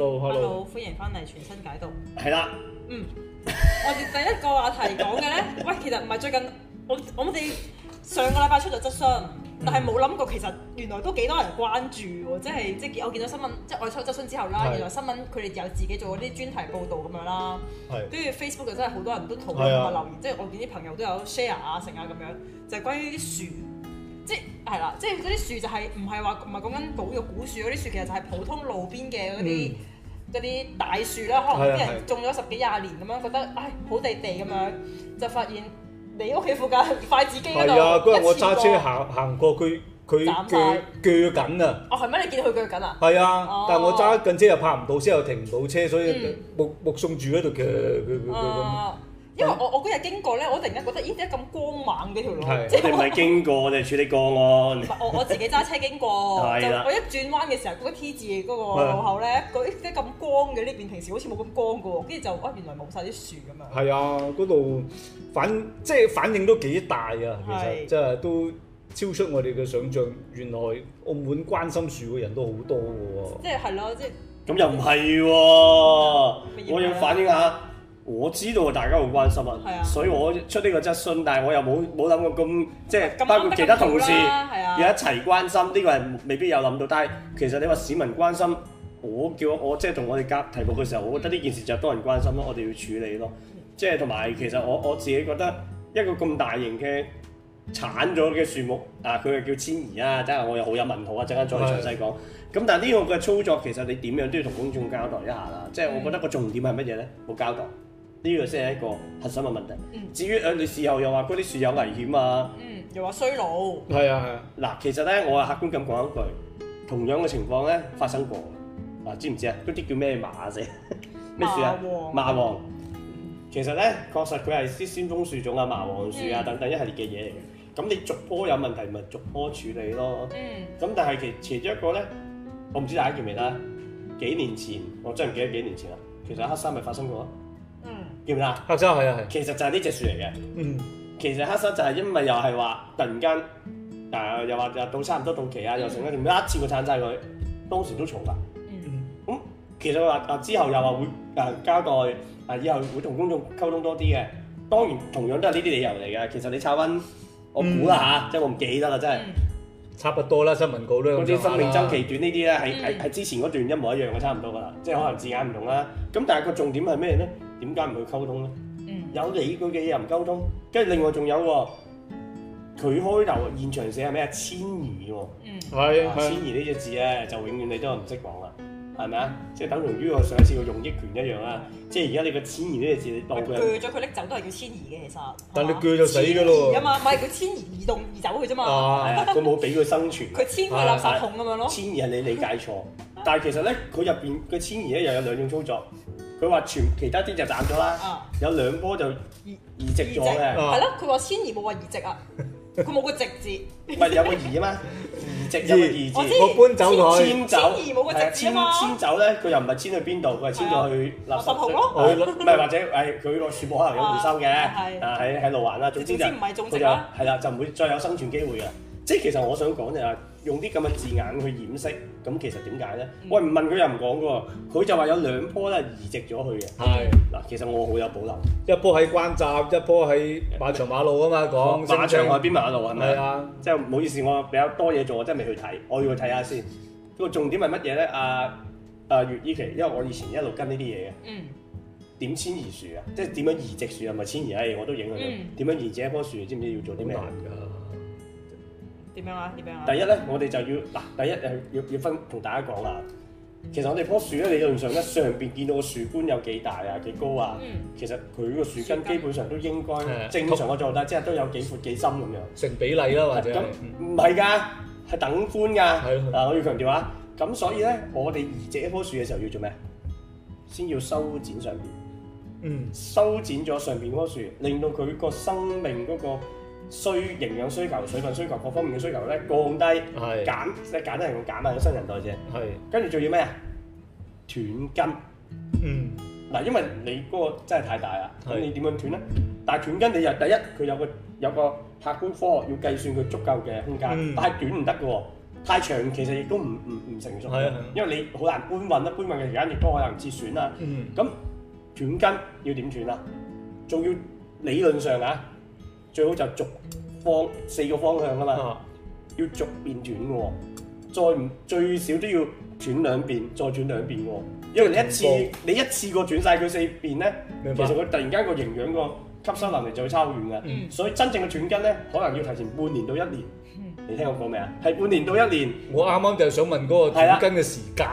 hello，hello. 歡迎翻嚟傳新解毒。係啦， 嗯，我哋第一個話題講嘅咧，喂，其實唔係最近，我我哋上個禮拜出咗質詢，但係冇諗過，其實原來都幾多人關注喎，即係即係我見到新聞，即係我出質詢之後啦，對原來新聞佢哋有自己做嗰啲專題報導咁樣啦，跟住對 Facebook 又真係好多人都討論同對留言，即係我見啲朋友都有 share 啊成啊咁樣，就係關於啲樹，即係係啦，即係嗰啲樹就係唔係話唔係講緊保育古樹嗰啲樹，其實就係普通路邊嘅嗰啲。嗯嗰啲大樹啦，可能啲人種咗十幾廿年咁樣，覺得唉好地地咁樣，就發現你屋企附近筷子基嗰度，一車過。嗰日我揸車行行過佢，佢佢法鋸緊啊！哦，係咩？你見到佢鋸緊啊？係啊的，哦、但係我揸緊車又泊唔到車又停唔到車，所以目目、嗯、送住喺度、嗯、鋸，鋸鋸鋸咁。鋸因為我我嗰日經過咧，我突然間覺得咦點解咁光猛嘅條路？是即係你唔係經過，你 處理個案。唔係我我自己揸車經過。 就我一轉彎嘅時候，嗰、那個 T 字嗰個路口咧，嗰啲咁光嘅？呢邊平時好似冇咁光嘅喎。跟住就哦、哎，原來冇晒啲樹咁啊。係啊，嗰度反即係反應都幾大啊！其實是的 即係都超出我哋嘅想像。原來澳門關心樹嘅人都好多嘅、啊、喎、嗯。即係係咯，即係。咁又唔係喎，我要反應下。我知道大家好關心啊，啊所以我出呢個質詢，但係我又冇冇諗過咁，即係麼包括其他同事要一齊關心呢、啊、個係未必有諗到。但係其實你話市民關心，我叫我即係同我哋、就是、交題目嘅時候，我覺得呢件事就多人關心咯，我哋要處理咯，即係同埋其實我我自己覺得一個咁大型嘅剷咗嘅樹木啊，佢係叫遷移啊，等下我又好有問號啊，陣間再詳細講。咁的但係呢個嘅操作其實你點樣都要同公眾交代一下啦，即係我覺得個重點係乜嘢呢？冇交代。呢個先係一個核心嘅問題。嗯、至於誒你事後又話嗰啲樹有危險啊，嗯、又話衰老，係啊係啊。嗱、啊，其實咧我係客觀咁講一句，同樣嘅情況咧發生過。嗱、嗯啊，知唔知啊？嗰啲叫咩麻啫？咩樹啊？麻黃。麻黃，嗯、其實咧，確實佢係啲先鋒樹種啊，麻黃樹啊等等一系列嘅嘢嚟嘅。咁、嗯、你逐棵有問題，咪逐棵處理咯。咁、嗯、但係其其中一個咧，我唔知大家記唔記得。幾年前，我真係唔記得幾年前啦。其實黑山咪發生過。係咪啦？黑收係啊係、啊啊啊，其實就係呢隻樹嚟嘅。嗯，其實黑收就係因為又係話突然間，誒又話又到差唔多到期啊，又成咗仲有一次過鏟晒佢，當時都重噶。嗯，咁其實話啊之後又話會誒、啊、交代，啊以後會同公眾溝通多啲嘅。當然同樣都係呢啲理由嚟嘅。其實你插溫，嗯、我估啦吓，即係我唔記得啦，真係。差不多啦，新聞稿都咁上下啦。嗰啲生命周期短呢啲咧，係係係之前嗰段一模一樣嘅，差唔多噶啦，即係可能字眼唔同啦。咁但係個重點係咩咧？點解唔去溝通咧？有理佢嘅嘢唔溝通，跟住另外仲有喎，佢開頭現場寫係咩啊？遷移喎，係啊，遷移呢隻字咧就永遠你都係唔識講啦，係咪啊？即係等同於我上一次用益權一樣啦，即係而家你個遷移呢隻字當佢係，鋸咗佢拎走都係叫遷移嘅，其實。但你鋸就死㗎咯。移啊嘛，唔係叫遷移，移動移走佢啫嘛。啊，佢冇俾佢生存。佢遷去垃圾桶咁樣咯。遷移係你理解錯，但係其實咧，佢入邊佢遷移咧又有兩種操作。佢話全其他天就斬咗啦，有兩樖就移植咗嘅，係咯。佢話遷移冇話移植啊，佢冇個植字，唔係有個移啊嘛？移植有個移字，我搬走佢。遷走，遷移冇個植字啊，遷走咧，佢又唔係遷去邊度，佢係遷咗去立紅咯。唔係，或者誒，佢個樹木可能有回收嘅，啊喺喺路環啦。總之就佢就係啦，就唔會再有生存機會嘅。即係其實我想講就係。用啲咁嘅字眼去掩飾，咁其實點解咧？我係，唔問佢又唔講嘅喎，佢就話有兩棵咧移植咗去嘅。係，嗱，其實我好有保留，一棵喺關閘，一棵喺馬場馬路啊嘛，講、那個、馬場外邊馬路係咪？即係、嗯就是、唔好意思，我比較多嘢做，我真係未去睇，我要去睇下先。個、嗯、重點係乜嘢咧？阿、啊、阿、啊、月依期，因為我以前一路跟呢啲嘢嘅，嗯、點遷移樹啊，即係點樣移植樹係咪遷移？唉、哎，我都影咗，點、嗯、樣移植一棵樹，知唔知要做啲咩？點樣啊？點樣啊？第一咧，我哋就要嗱，第一誒，要要分同大家講啦。其實我哋樖樹咧，理論上咧，上邊見到個樹冠有幾大啊，幾高啊。嗯。其實佢個樹根基本上都應該正常嘅狀態，即係、嗯、都，都有幾闊幾深咁、啊、樣。成比例啦、啊，或者。咁唔係噶，係等寬噶。係、嗯。啊，我要強調啊。咁所以咧，我哋移植一棵樹嘅時候要做咩？先要修剪上邊。嗯。修剪咗上邊棵樹，令到佢個生命嗰、那個。需營養需求、水分需求各方面嘅需求咧，降低是減即係簡單嚟講減啊，啲新陳代謝。係，跟住仲要咩啊？斷根。嗯。嗱，因為你嗰個真係太大啦，咁、嗯、你點樣斷咧？但係斷根你又第一佢有個有個客觀科學要計算佢足夠嘅空間，嗯、但係短唔得嘅喎，太長其實亦都唔唔唔成熟。係啊、嗯。因為你好難搬運啦，搬運嘅期間亦都可能折損啦。咁、嗯嗯、斷根要點斷啊？仲要理論上啊？最好就逐方四個方向啊嘛，要逐邊轉嘅，再唔最少都要轉兩邊，再轉兩邊嘅，因為你一次白你一次過轉晒佢四邊咧，白其實佢突然間個營養個吸收能力就會差好遠嘅，嗯，所以真正嘅斷根咧，可能要提前半年到一年。你聽我講未啊？係半年到一年，我啱啱就係想問嗰個斷根嘅時間。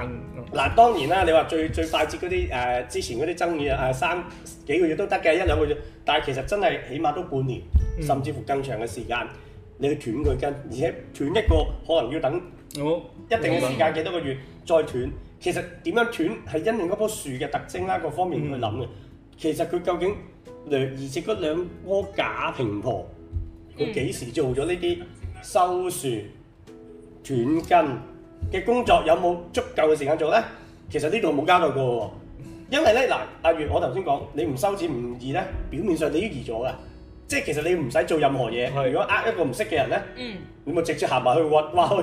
嗱、啊嗯，當然啦，你話最最快捷嗰啲誒，之前嗰啲爭議啊、呃，三幾個月都得嘅，一兩個月。但係其實真係起碼都半年，嗯、甚至乎更長嘅時間，你要斷佢根，而且斷一個可能要等一定嘅時間，幾、嗯嗯、多個月再斷。其實點樣斷係因應嗰樖樹嘅特徵啦，各方面去諗嘅。嗯、其實佢究竟而兩移植嗰兩樖假蘋婆，佢幾時做咗呢啲？修樹斷根嘅工作有冇足夠嘅時間做咧？其實呢度冇交代過，因為咧嗱，阿月我頭先講，你唔修剪唔移咧，表面上你都移咗噶，即係其實你唔使做任何嘢。係。如果呃一個唔識嘅人咧，嗯，你咪直接行埋去挖，挖去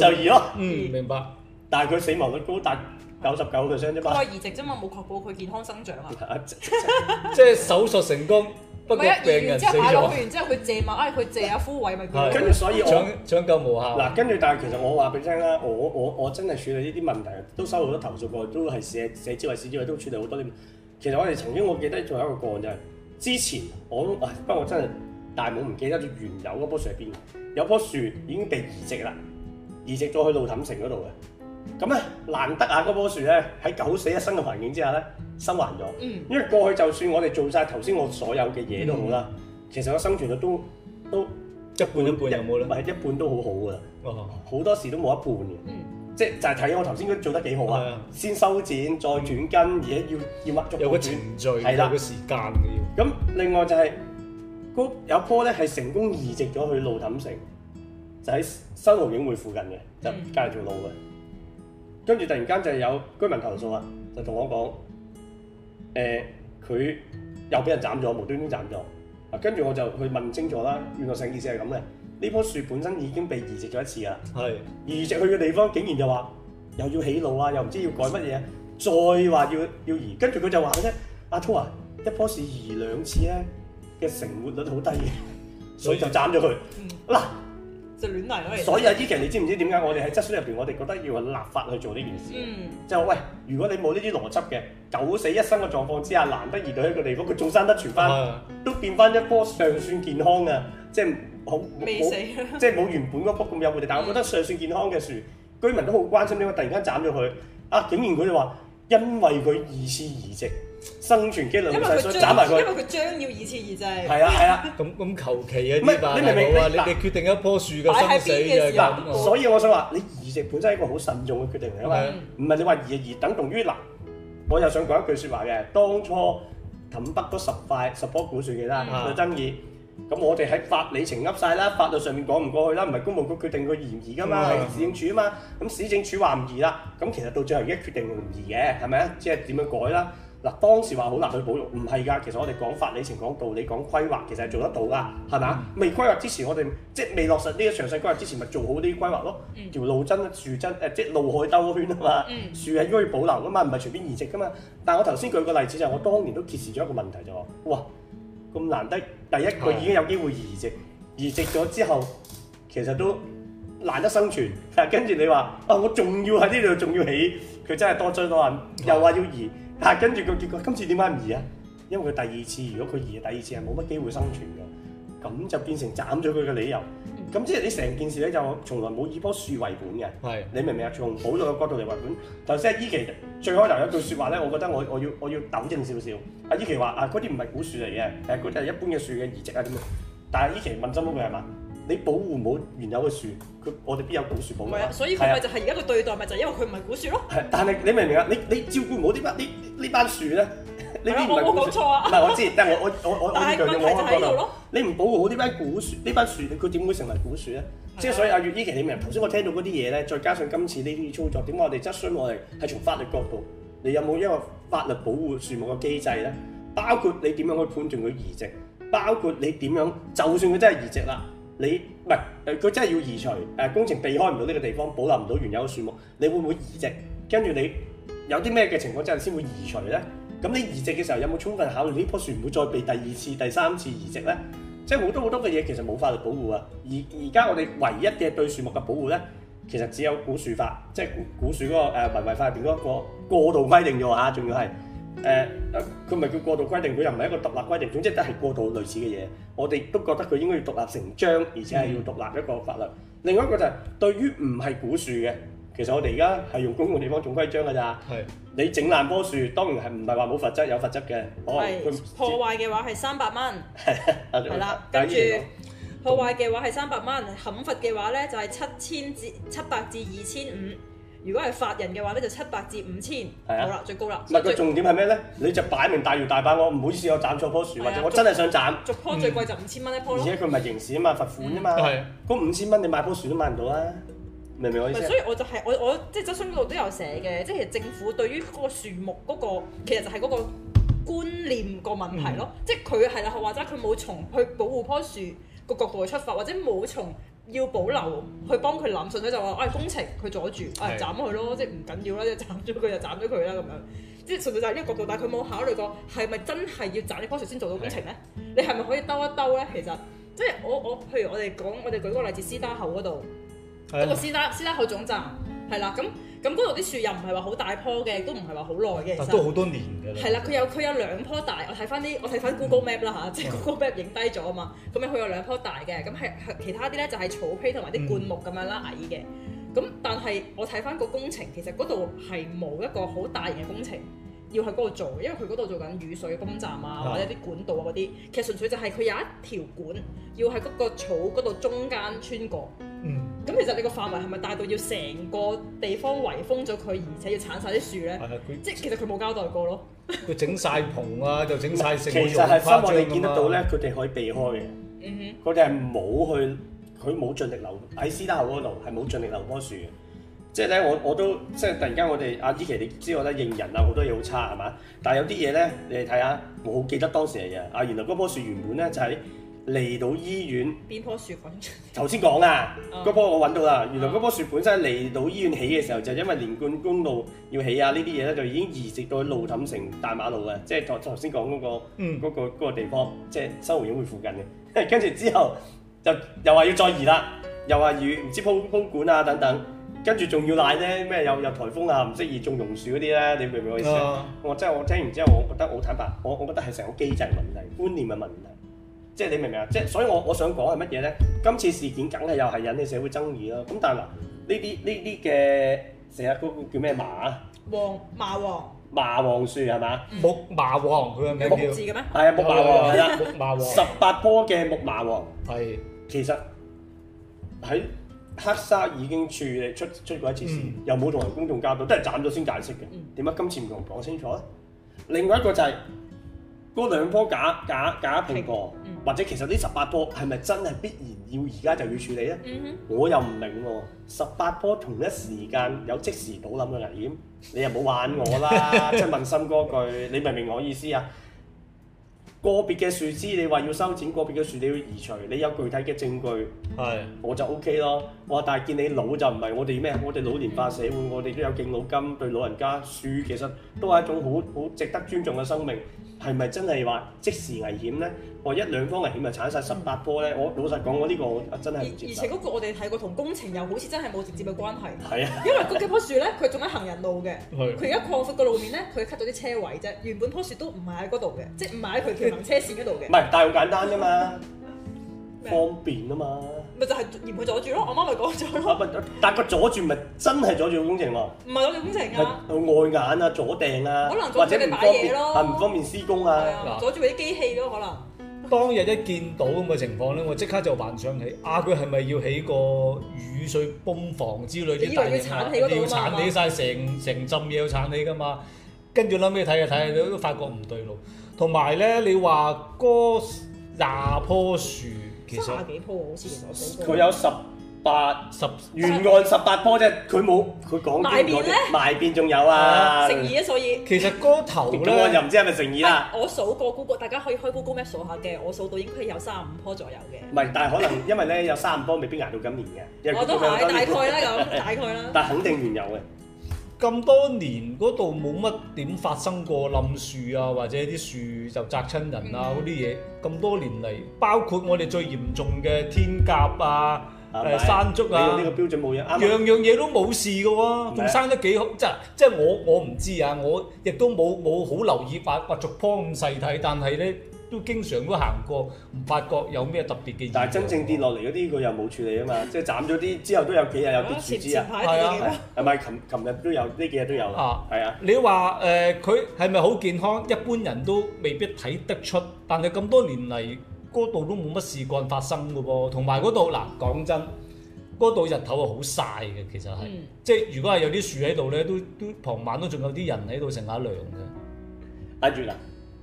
就移咯。嗯，明白。但係佢死亡率高達九十九 percent 啫嘛，佢移植啫嘛，冇確保佢健康生長啊。即係手術成功。唔係，移完之後擺落去，完之後佢借埋，哎、啊，佢借啊枯萎，咪跟住所以我搶救無效。嗱、啊，跟住但係其實我話俾你聽啦，我我我真係處理呢啲問題，都收到好多投訴過，都係社社資委、市資委都處理好多啲。其實我哋曾經，我記得仲有一個個案就係、是、之前我，不過我真係，大冇唔記得住原有嗰樖樹喺邊。有樖樹已經被移植啦，移植咗去路氹城嗰度嘅。咁咧，難得啊！嗰棵樹咧喺九死一生嘅環境之下咧，生還咗。嗯，因為過去就算我哋做晒頭先我所有嘅嘢都好啦，嗯、其實我生存率都都一半一,一半又冇咧？唔係一半都好好噶，好、哦、多時都冇一半嘅。嗯，即係就係睇我頭先嗰做得幾好啊，嗯、先修剪再轉根，而且要要乜足，有個程序，係啦了，有個時間嘅要。咁另外就係、是，有棵咧係成功移植咗去路氹城，就喺新濠影匯附近嘅，就隔條路嘅。嗯跟住突然間就有居民投訴啦，就同我講：誒、呃，佢又俾人斬咗，無端端斬咗。啊，跟住我就去問清楚啦。原來成件事係咁嘅，呢棵樹本身已經被移植咗一次啦。係是。移植去嘅地方竟然又話又要起路啊，又唔知要改乜嘢，再話要要移。跟住佢就話咧：阿聰啊，一棵樹移兩次咧嘅成活率好低嘅， 所以就斬咗佢。嗱。 所以依期 你知唔知點解我哋喺質詢入邊，我哋覺得要立法去做呢件事？嗯、就喂，如果你冇呢啲邏輯嘅九死一生嘅狀況之下，難得移到喺個地方，佢仲生得全翻，嗯、都變翻一棵尚算健康嘅、啊，即係好，好死即係冇原本嗰棵咁有活力。但係我覺得尚算健康嘅樹，嗯、居民都好關心，點解突然間斬咗佢？啊，竟然佢就話因為佢二次移植。生存機率，因為佢斬埋佢，因為佢將要二次移植。係啊係啊，咁咁求其一啲吧。你明明話你哋決定一樖樹嘅生死啊，所以我想話你移植本身係一個好慎重嘅決定嚟，因為唔係你話移就移等同於立。我又想講一句説話嘅，當初氹北嗰十塊十樖古樹嘅啦，有爭議，咁我哋喺法理情噏曬啦，法律上面講唔過去啦，唔係公務局決定佢移唔移噶嘛？市政署啊嘛，咁市政署話唔移啦，咁其實到最後一決定唔移嘅，係咪啊？即係點樣改啦？嗱，當時話好難去保育，唔係㗎，其實我哋講法理、情講道理、講規劃，其實係做得到㗎，係咪？嗯、未規劃之前我，我哋即係未落實呢個詳細規劃之前，咪做好啲規劃咯。嗯、條路真、樹真，誒、呃，即係路海兜圈啊嘛，嗯、樹係應該要保留㗎嘛，唔係隨便移植㗎嘛。但係我頭先舉個例子就係、是、我當年都揭示咗一個問題就話，哇，咁難得第一個已經有機會移植，嗯、移植咗之後，其實都難得生存。係跟住你話，啊，我仲要喺呢度仲要起，佢真係多災多難，又話要移。跟住個結果，今次點解唔移啊？因為佢第二次，如果佢移第二次係冇乜機會生存嘅，咁就變成斬咗佢嘅理由。咁即係你成件事咧，就從來冇以樖樹為本嘅。係是，你明唔明啊？從保育嘅角度嚟為本，頭先阿伊奇最開頭有一句説話咧，我覺得我我要我要糾正少少。阿伊奇話啊，嗰啲唔係古樹嚟嘅，誒，嗰啲係一般嘅樹嘅移植啊，點樣？但係伊奇問心碌佢係嘛？你保護唔好原有嘅樹，佢我哋邊有古樹保護啊？所以佢咪就係而家嘅對待咪就係因為佢唔係古樹咯？係，但係你明唔明啊？你你照顧唔好呢班呢呢班樹咧，呢邊唔係古樹。我冇錯啊。唔係我知，但係我我我我呢句嘅我喺度。你唔保護好啲班古樹呢班樹，佢點會成為古樹咧？即係所以阿月姨其你明頭先我聽到嗰啲嘢咧，再加上今次呢啲操作，點解我哋質詢我哋係從法律角度，你有冇一個法律保護樹木嘅機制咧？包括你點樣去判斷佢移植，包括你點樣就算佢真係移植啦。你唔係，佢真係要移除，誒工程避開唔到呢個地方，保留唔到原有嘅樹木，你會唔會移植？跟住你有啲咩嘅情況之下先會移除咧？咁你移植嘅時候有冇充分考慮呢棵樹唔會再被第二次、第三次移植咧？即係好多好多嘅嘢，其實冇法律保護啊！而而家我哋唯一嘅對樹木嘅保護咧，其實只有古樹法，即係古古樹嗰個誒文遺法入邊嗰個過渡規定咗吓啊，仲要係。誒，佢唔係叫過度規定，佢又唔係一個獨立規定，總之都係過度類似嘅嘢。我哋都覺得佢應該要獨立成章，而且係要獨立一個法律。嗯、另外一個就係、是、對於唔係古樹嘅，其實我哋而家係用公共地方總規章㗎咋。係是，你整爛棵樹，當然係唔係話冇罰則，有罰則嘅。係、哦，是它破壞嘅話係三百蚊。係啦 有，跟住了後破壞嘅話係三百蚊，冚罰嘅話咧就係七千至七百至二千五。如果係法人嘅話咧，就七百至五千，好啦，最高啦。唔係佢重點係咩咧？你就擺明大搖大擺，我唔好意思，我斬錯棵樹，或者我真係想斬。逐棵最貴就五千蚊一棵，而且佢唔係刑事啊嘛，罰款啫嘛。係。嗰五千蚊你買棵樹都買唔到啊，明唔明我意思？所以我就係我我即係質詢度都有寫嘅，即係政府對於嗰個樹木嗰個其實就係嗰個觀念個問題咯。即係佢係啦，或者佢冇從去保護棵樹個角度去出發，或者冇從。要保留去幫佢諗，順勢就話，唉、哎，工程佢阻住，唉、哎，是的 斬佢咯，即係唔緊要啦，即係斬咗佢就斬咗佢啦，咁樣，即係純粹就係呢個角度，但係佢冇考慮過係咪真係要斬呢樖樹先做到工程咧？是的 你係咪可以兜一兜咧？其實，即係我我，譬如我哋講，我哋舉個例子，司打口嗰度，嗰是的 個司打司打口總站。係啦，咁咁嗰度啲樹又唔係話好大棵嘅，都唔係話好耐嘅。其實都好多年嘅。係啦，佢有佢有兩棵大，我睇翻啲我睇翻 Google Map 啦吓，嗯、即係 Google Map 影低咗啊嘛，咁樣佢有兩棵大嘅，咁係其他啲咧就係、是、草皮同埋啲灌木咁樣啦矮嘅，咁但係我睇翻個工程其實嗰度係冇一個好大型嘅工程。要喺嗰度做，因為佢嗰度做緊雨水泵站啊，或者啲管道啊嗰啲，的其實純粹就係佢有一條管要喺嗰個草嗰度中間穿過。嗯，咁其實你個範圍係咪大到要成個地方圍封咗佢，而且要鏟晒啲樹咧？即係其實佢冇交代過咯。佢整晒棚啊，就整曬成， 啊啊、其實係因為我哋見得到咧，佢哋可以避開嘅。嗯哼，佢哋係冇去，佢冇盡力留喺司打口嗰度，係冇盡力留棵樹。即係咧，我我都即係突然間我我，我哋阿伊琪，你知我咧認人啊，好多嘢好差係嘛？但係有啲嘢咧，你睇下，我好記得當時嘅嘢。啊，原來嗰棵樹原本咧就喺離島醫院邊棵樹？頭先講啊，嗰 棵我揾到啦。原來嗰棵樹本身離島醫院起嘅時候，嗯、就因為連貫公路要起啊，呢啲嘢咧就已經移植到去路氹城大馬路嘅，即係頭頭先講嗰個嗰個地方，即係生活影會附近嘅。跟 住之後就又話要再移啦，又話移唔知鋪鋪管啊等等。跟住仲要賴咧，咩又有颱風啊，唔適宜種榕樹嗰啲咧，你明唔明我意思啊？我真係我聽完之後，我覺得好坦白，我我覺得係成個機制問題，觀念嘅問題。即係你明唔明啊？即係所以我我想講係乜嘢咧？今次事件梗係又係引起社會爭議咯。咁但係嗱，呢啲呢啲嘅成日嗰個叫咩麻啊？黃麻黃。麻黃樹係咪？木麻黃佢個名字嘅咩？係啊，木麻黃係啦，木麻黃。十八棵嘅木麻黃係。其實喺。黑沙已經處理出出過一次事，又冇同人公眾交代，都係斬咗先解釋嘅。點解今次唔同我講清楚咧？另外一個就係、是、嗰兩棵假假假蘋果，嗯、或者其實呢十八棵係咪真係必然要而家就要處理咧？嗯、哼我又唔明喎、啊，十八棵同一時間有即時倒冧嘅危險，你又冇玩我啦！即 問心哥句，你明唔明我意思啊？個別嘅樹枝你話要修剪，個別嘅樹你要移除，你有具體嘅證據，係是我就 OK 咯。我但係見你老就唔係我哋咩，我哋老年化社會，我哋都有敬老金，對老人家樹其實都係一種好好值得尊重嘅生命。係咪真係話即時危險咧？我一兩方危險咪鏟曬十八棵咧？我老實講，我呢個我真係唔接受。而且嗰個我哋睇過，同工程又好似真係冇直接嘅關係。係啊，因為嗰幾棵樹咧，佢仲喺行人路嘅。佢而家擴闊個路面咧，佢 cut 咗啲車位啫。原本棵樹都唔係喺嗰度嘅，即係唔係喺佢條行車線嗰度嘅。唔係， 但係好簡單㗎嘛， 方便啊嘛。 佢就係嫌佢阻住咯，我媽咪講咗咯。但係個阻住咪真係阻住工程喎？唔係阻住工程啊，礙眼啊，阻埞啊，或者唔方便施工啊，阻住嗰啲機器咯可能。當日一見到咁嘅情況咧，我即刻就幻想起，啊佢係咪要起個雨水泵房之類啲大嘢？要鏟起嗰度嘛？要鏟起曬成成陣嘢去鏟起㗎嘛？跟住諗起睇下睇下，都發覺唔對路。同埋咧，你話嗰廿棵樹。卅幾棵啊，好似我數。佢有十八十沿岸十八棵啫，佢冇佢講邊嗰啲，埋邊仲有啊。成二啊，所以其實個頭咧又唔知係咪成二啊。我數過 Google，大家可以開 Google Map 數下嘅，我數到應該係有卅五棵左右嘅。唔係，但係可能因為咧有卅五棵未必捱到今年嘅。我都係大概啦，咁大概啦。但係肯定原有嘅。咁多年嗰度冇乜點發生過冧樹啊，或者啲樹就砸親人啊嗰啲嘢。咁、嗯、多年嚟，包括我哋最嚴重嘅天鴿啊、誒、呃、是山竹啊，你用呢個標準冇嘢，樣樣嘢都冇事嘅喎、啊，仲是生得幾好。即係即係我我唔知啊，我亦都冇冇好留意化化學咁細睇，但係咧。都經常都行過，唔發覺有咩特別嘅。但係真正跌落嚟嗰啲，佢 又冇處理啊嘛，即係斬咗啲之後都有幾日有啲樹枝啊，係啊， 係咪？琴琴日都有呢，幾日都有啦，係啊。啊你話誒，佢係咪好健康？一般人都未必睇得出，但係咁多年嚟嗰度都冇乜事幹發生嘅噃。同埋嗰度嗱，呃、講真，嗰度日頭啊好曬嘅，其實係，嗯、即係如果係有啲樹喺度咧，都都傍晚都仲有啲人喺度乘下涼嘅。阿住、嗯、啊，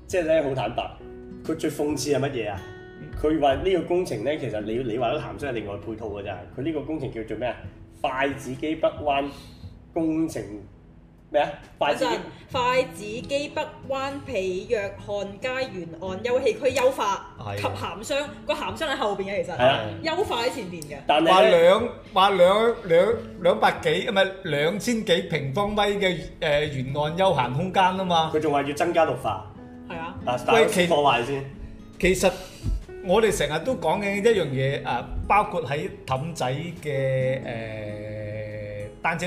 即係咧好坦白。佢最諷刺係乜嘢啊？佢話呢個工程咧，其實你你話啲鹹箱係另外配套㗎咋。佢呢個工程叫做咩啊？筷子基北灣工程咩啊？筷子、就係、筷子基北灣被若漢街沿岸氣區休憩區優化，啊、及鹹箱。個鹹箱喺後邊嘅，其實係啊，優化喺前邊嘅。但係話兩話兩兩兩百幾唔係兩千幾平方米嘅誒沿岸休閒空間啊嘛。佢仲話要增加綠化。喂，我其破壞先。其實我哋成日都講緊一樣嘢，誒、啊，包括喺氹仔嘅誒、呃、單車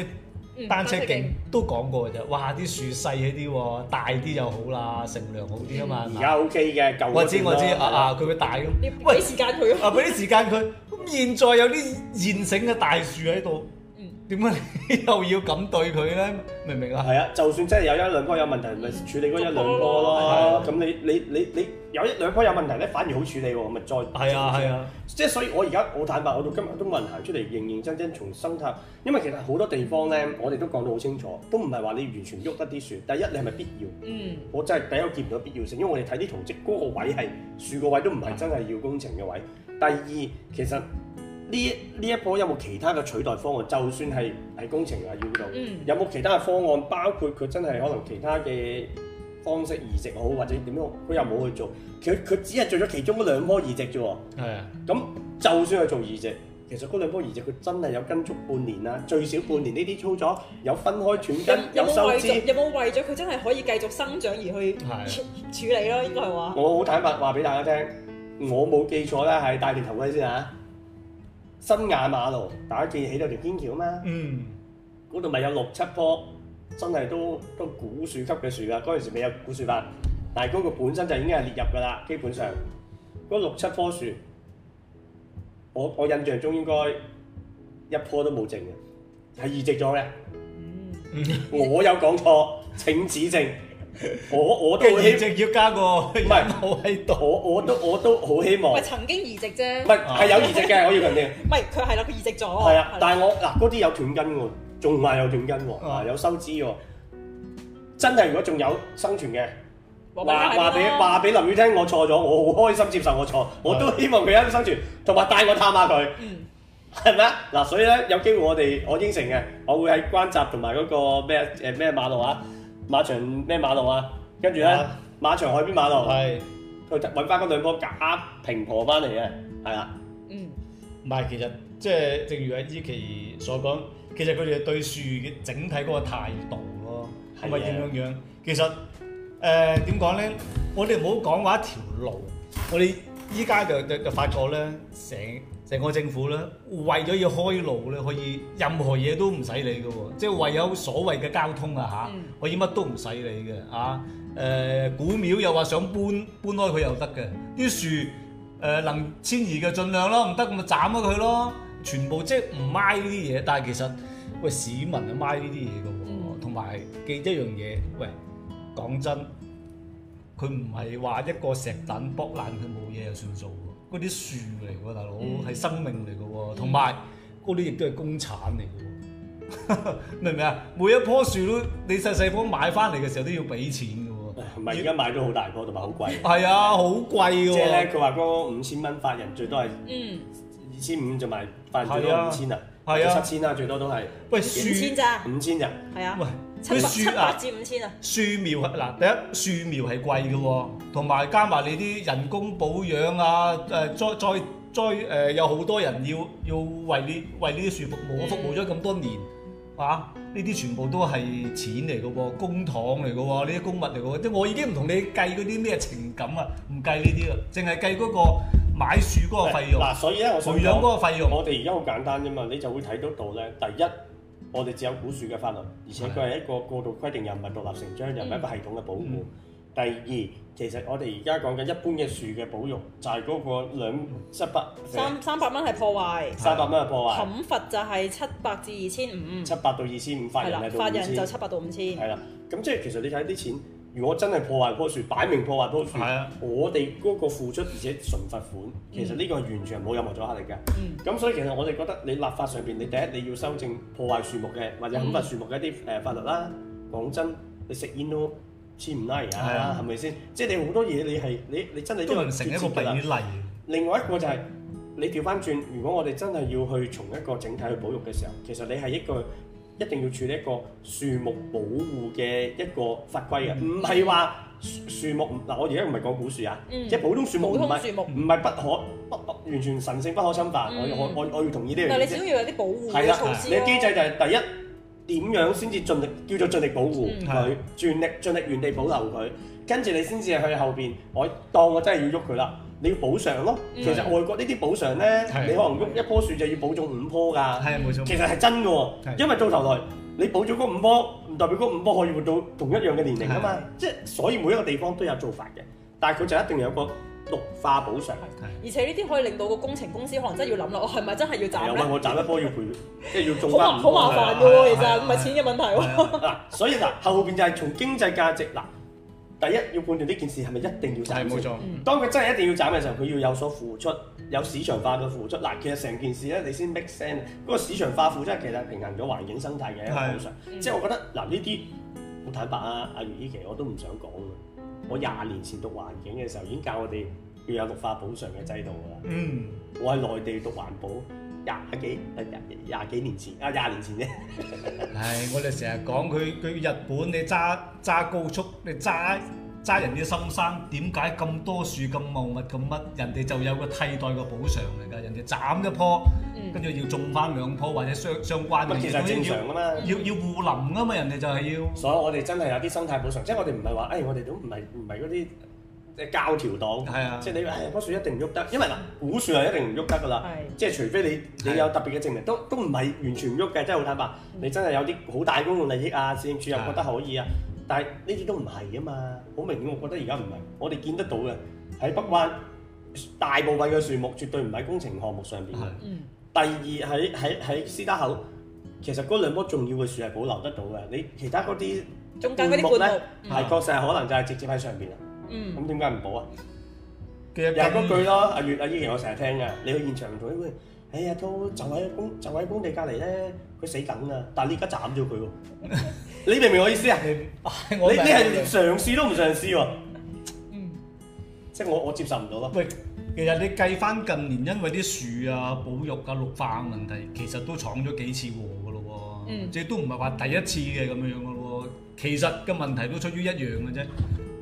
單車徑都講過嘅啫。哇，啲樹細啲，大啲就好啦，乘涼好啲啊嘛。而家、嗯、但 OK 嘅，夠。我知我知，啊吧啊，佢會,會大嘅。喂，俾時間佢啊！俾啲時間佢。咁現在有啲現成嘅大樹喺度。點解你又要咁對佢咧？明唔明啊？係啊，就算真係有一兩棵有問題，咪、嗯、處理嗰一兩棵咯。咁、啊、你你你你有一兩棵有問題咧，反而好處理喎。咪再係啊係啊！即係、啊、所以，所以我而家好坦白，我到今日都冇人行出嚟，認認真真從生態。因為其實好多地方咧，嗯、我哋都講得好清楚，都唔係話你完全喐得啲樹。第一，你係咪必要？嗯。我真係第一見唔到必要性，因為我哋睇啲圖則，嗰個位係樹個位都唔係真係要工程嘅位。第二，其實。呢呢一樖有冇其他嘅取代方案？就算係係工程啊要到，嗯、有冇其他嘅方案？包括佢真係可能其他嘅方式移植好，或者點樣？佢又冇去做，佢佢只係做咗其中嗰兩樖移植啫喎。啊的，咁就算係做移植，其實嗰兩樖移植佢真係有跟足半年啦，最少半年呢啲操作有分開斷根，有收資，有冇為咗佢真係可以繼續生長而去的 處理咯？應該係話。我好坦白話俾大家聽，我冇記錯咧，係戴住頭盔先嚇。新亞馬路，大家見起咗條天橋嘛？嗯，嗰度咪有六七棵，真係都都古樹級嘅樹㗎。嗰陣時未有古樹法，但係嗰個本身就已經係列入㗎啦。基本上嗰六七棵樹，我我印象中應該一棵都冇剩嘅，係移植咗嘅。嗯，我有講錯，請指正。我我都希望要加個，唔係我係我我都我都好希望。唔係曾經移植啫，唔係係有移植嘅，我要問你。唔係佢係啦，佢移植咗。係啊，但係我嗱嗰啲有斷根嘅，仲話有斷根喎，有收枝喎。真係如果仲有生存嘅，話話俾話俾林宇聽，我錯咗，我好開心接受我錯，我都希望佢一生存，同埋帶我探下佢，係咪啊？嗱，所以咧有機會我哋我應承嘅，我會喺關閘同埋嗰個咩誒咩馬路啊。馬場咩馬路啊？跟住咧，啊、馬場海邊馬路，佢就揾翻嗰兩棵假蘋婆翻嚟嘅，係啦。嗯，唔係，其實即係、就是、正如阿依琪所講，其實佢哋對樹嘅整體嗰個態度咯，係咪點樣樣？其實誒點講咧，我哋唔好講話一條路，我哋依家就就就發覺咧，成。成個政府咧，為咗要開路咧，可以任何嘢都唔使理嘅喎，即係唯有所謂嘅交通啊吓，嗯、可以乜都唔使理嘅啊。誒、呃、古廟又話想搬搬開佢又得嘅，啲樹誒能遷移嘅儘量咯，唔得咁咪斬咗佢咯。全部即係唔買呢啲嘢，但係其實喂市民啊買呢啲嘢嘅喎，同埋記得一樣嘢，喂講真，佢唔係話一個石凳剝爛佢冇嘢就算數。嗰啲樹嚟喎，大佬係、嗯、生命嚟嘅喎，同埋嗰啲亦都係工產嚟嘅喎，明唔明啊？每一棵樹都你細細棵買翻嚟嘅時候都要俾錢嘅喎，唔係而家買咗好大棵同埋好貴。係啊，好貴喎。即係咧，佢話嗰五千蚊法人最多係，嗯、二千五，就買法人最多五千、嗯、啊，七千啦，最多都係。喂，五千咋？五千咋？係啊。 佢、啊、樹啊，樹苗嗱，第一樹苗係貴嘅喎，同埋加埋你啲人工保養啊，誒再再再誒、呃、有好多人要要為你為呢啲樹服務，服務咗咁多年，嗯、啊，呢啲全部都係錢嚟嘅喎，公帑嚟嘅喎，呢啲公物嚟嘅，即係我已經唔同你計嗰啲咩情感啊，唔計呢啲啊，淨係計嗰個買樹嗰個費用，嗱、呃，所以咧我，保養嗰個費用，我哋而家好簡單啫嘛，你就會睇得到咧，第一。我哋只有古樹嘅法律，而且佢係一個過度規定，又唔係獨立成章，又唔係一個系統嘅保護。嗯嗯、第二，其實我哋而家講緊一般嘅樹嘅保育，就係、是、嗰個兩七百、呃、三三百蚊係破壞，三百蚊係破壞。砍伐了就係七百至二千五，七百到二千五塊法人，法人就七百到五千。係啦，咁即係其實你睇啲錢。如果真係破壞棵樹，擺明破壞棵樹，我哋嗰個付出而且純罰款，其實呢個係完全係冇任何阻嚇力嘅。咁所以其實我哋覺得，你立法上邊，你第一你要修正破壞樹木嘅或者砍伐樹木嘅一啲誒法律啦。講真，你食煙都黐唔拉嘢啊，係咪先？即係你好多嘢，你係你你真係都唔成一個比例。另外一個就係你調返轉，如果我哋真係要去從一個整體去保育嘅時候，其實你係一個。一定要處理一個樹木保護嘅一個法規㗎、嗯，唔係話樹木嗱，嗯、我而家唔係講古樹啊，嗯、即係普，普通樹木，唔係唔係不可不，不完全神聖不可侵犯、嗯，我我我要同意呢樣嘢。但係你至少要有啲保護嘅措施。係啦，你機制就係第一點樣先至盡力，叫做盡力保護佢，嗯、盡力盡力原地保留佢，跟住你先至去後邊，我當我真係要喐佢啦。你要補償咯，其實外國呢啲補償咧，你可能一棵樹就要補種五棵㗎，其實係真㗎喎，因為到頭來你補咗嗰五棵，唔代表嗰五棵可以活到同一樣嘅年齡啊嘛，即係所以每一個地方都有做法嘅，但係佢就一定有個綠化補償，而且呢啲可以令到個工程公司可能真係要諗啦，我係咪真係要賺咧？有冇我摘一棵要賠，即係要種翻五棵？好麻好麻煩㗎喎，其實唔係錢嘅問題喎。嗱，所以嗱，後邊就係從經濟價值嗱。第一要判斷呢件事係咪一定要斬？冇錯。嗯、當佢真係一定要斬嘅時候，佢要有所付出，有市場化嘅付出。嗱，其實成件事咧，你先 make s n s 嗰個市場化付出其實平衡咗環境生態嘅一保障，的嗯、即係我覺得嗱，呢啲好坦白啊！阿袁依琪，我都唔想講我廿年前讀環境嘅時候已經教我哋要有綠化補償嘅制度啦。嗯，我喺內地讀環保。廿幾，廿廿幾年前，啊，廿年前啫。係，我哋成日講佢，佢日本你揸揸高速，你揸揸人嘅深山，點解咁多樹咁茂密咁乜？人哋就有個替代個補償嚟㗎，人哋斬一棵，跟住要種翻兩棵或者相相關嘅嘢。嗯、其實正常㗎嘛，要要，要護林㗎嘛，人哋就係要。所以，我哋真係有啲生態補償，即係我哋唔係話，誒、哎，我哋都唔係唔係嗰啲。教啊、即係教條黨，即係你話棵樹一定唔喐得，因為嗱，古樹係一定唔喐得噶啦。即係除非你你有特別嘅證明，啊、都都唔係完全唔喐嘅，真係好坦白。嗯、你真係有啲好大公共利益啊，市政署又覺得可以啊。啊但係呢啲都唔係啊嘛，好明顯，我覺得而家唔係。我哋見得到嘅喺北灣大部分嘅樹木絕對唔喺工程項目上邊。啊嗯、第二喺喺喺司打口，其實嗰兩棵重要嘅樹係保留得到嘅。你其他嗰啲中間嘅木咧，係、嗯、確實係可能就係直接喺上邊。咁點解唔保啊？其實又嗰句咯，阿月阿依晴，我成日聽噶。你去現場同佢，哎呀，都就喺工就喺工地隔離咧，佢死梗噶。但係你而家斬咗佢喎，你明唔明我意思啊？你你係嘗試都唔嘗試喎。嗯，即係我我接受唔到咯。喂，其實你計翻近年，因為啲樹啊、保育啊、綠化嘅問題，其實都闖咗幾次禍噶咯喎。即係都唔係話第一次嘅咁樣噶咯喎。其實嘅問題都出於一樣嘅啫。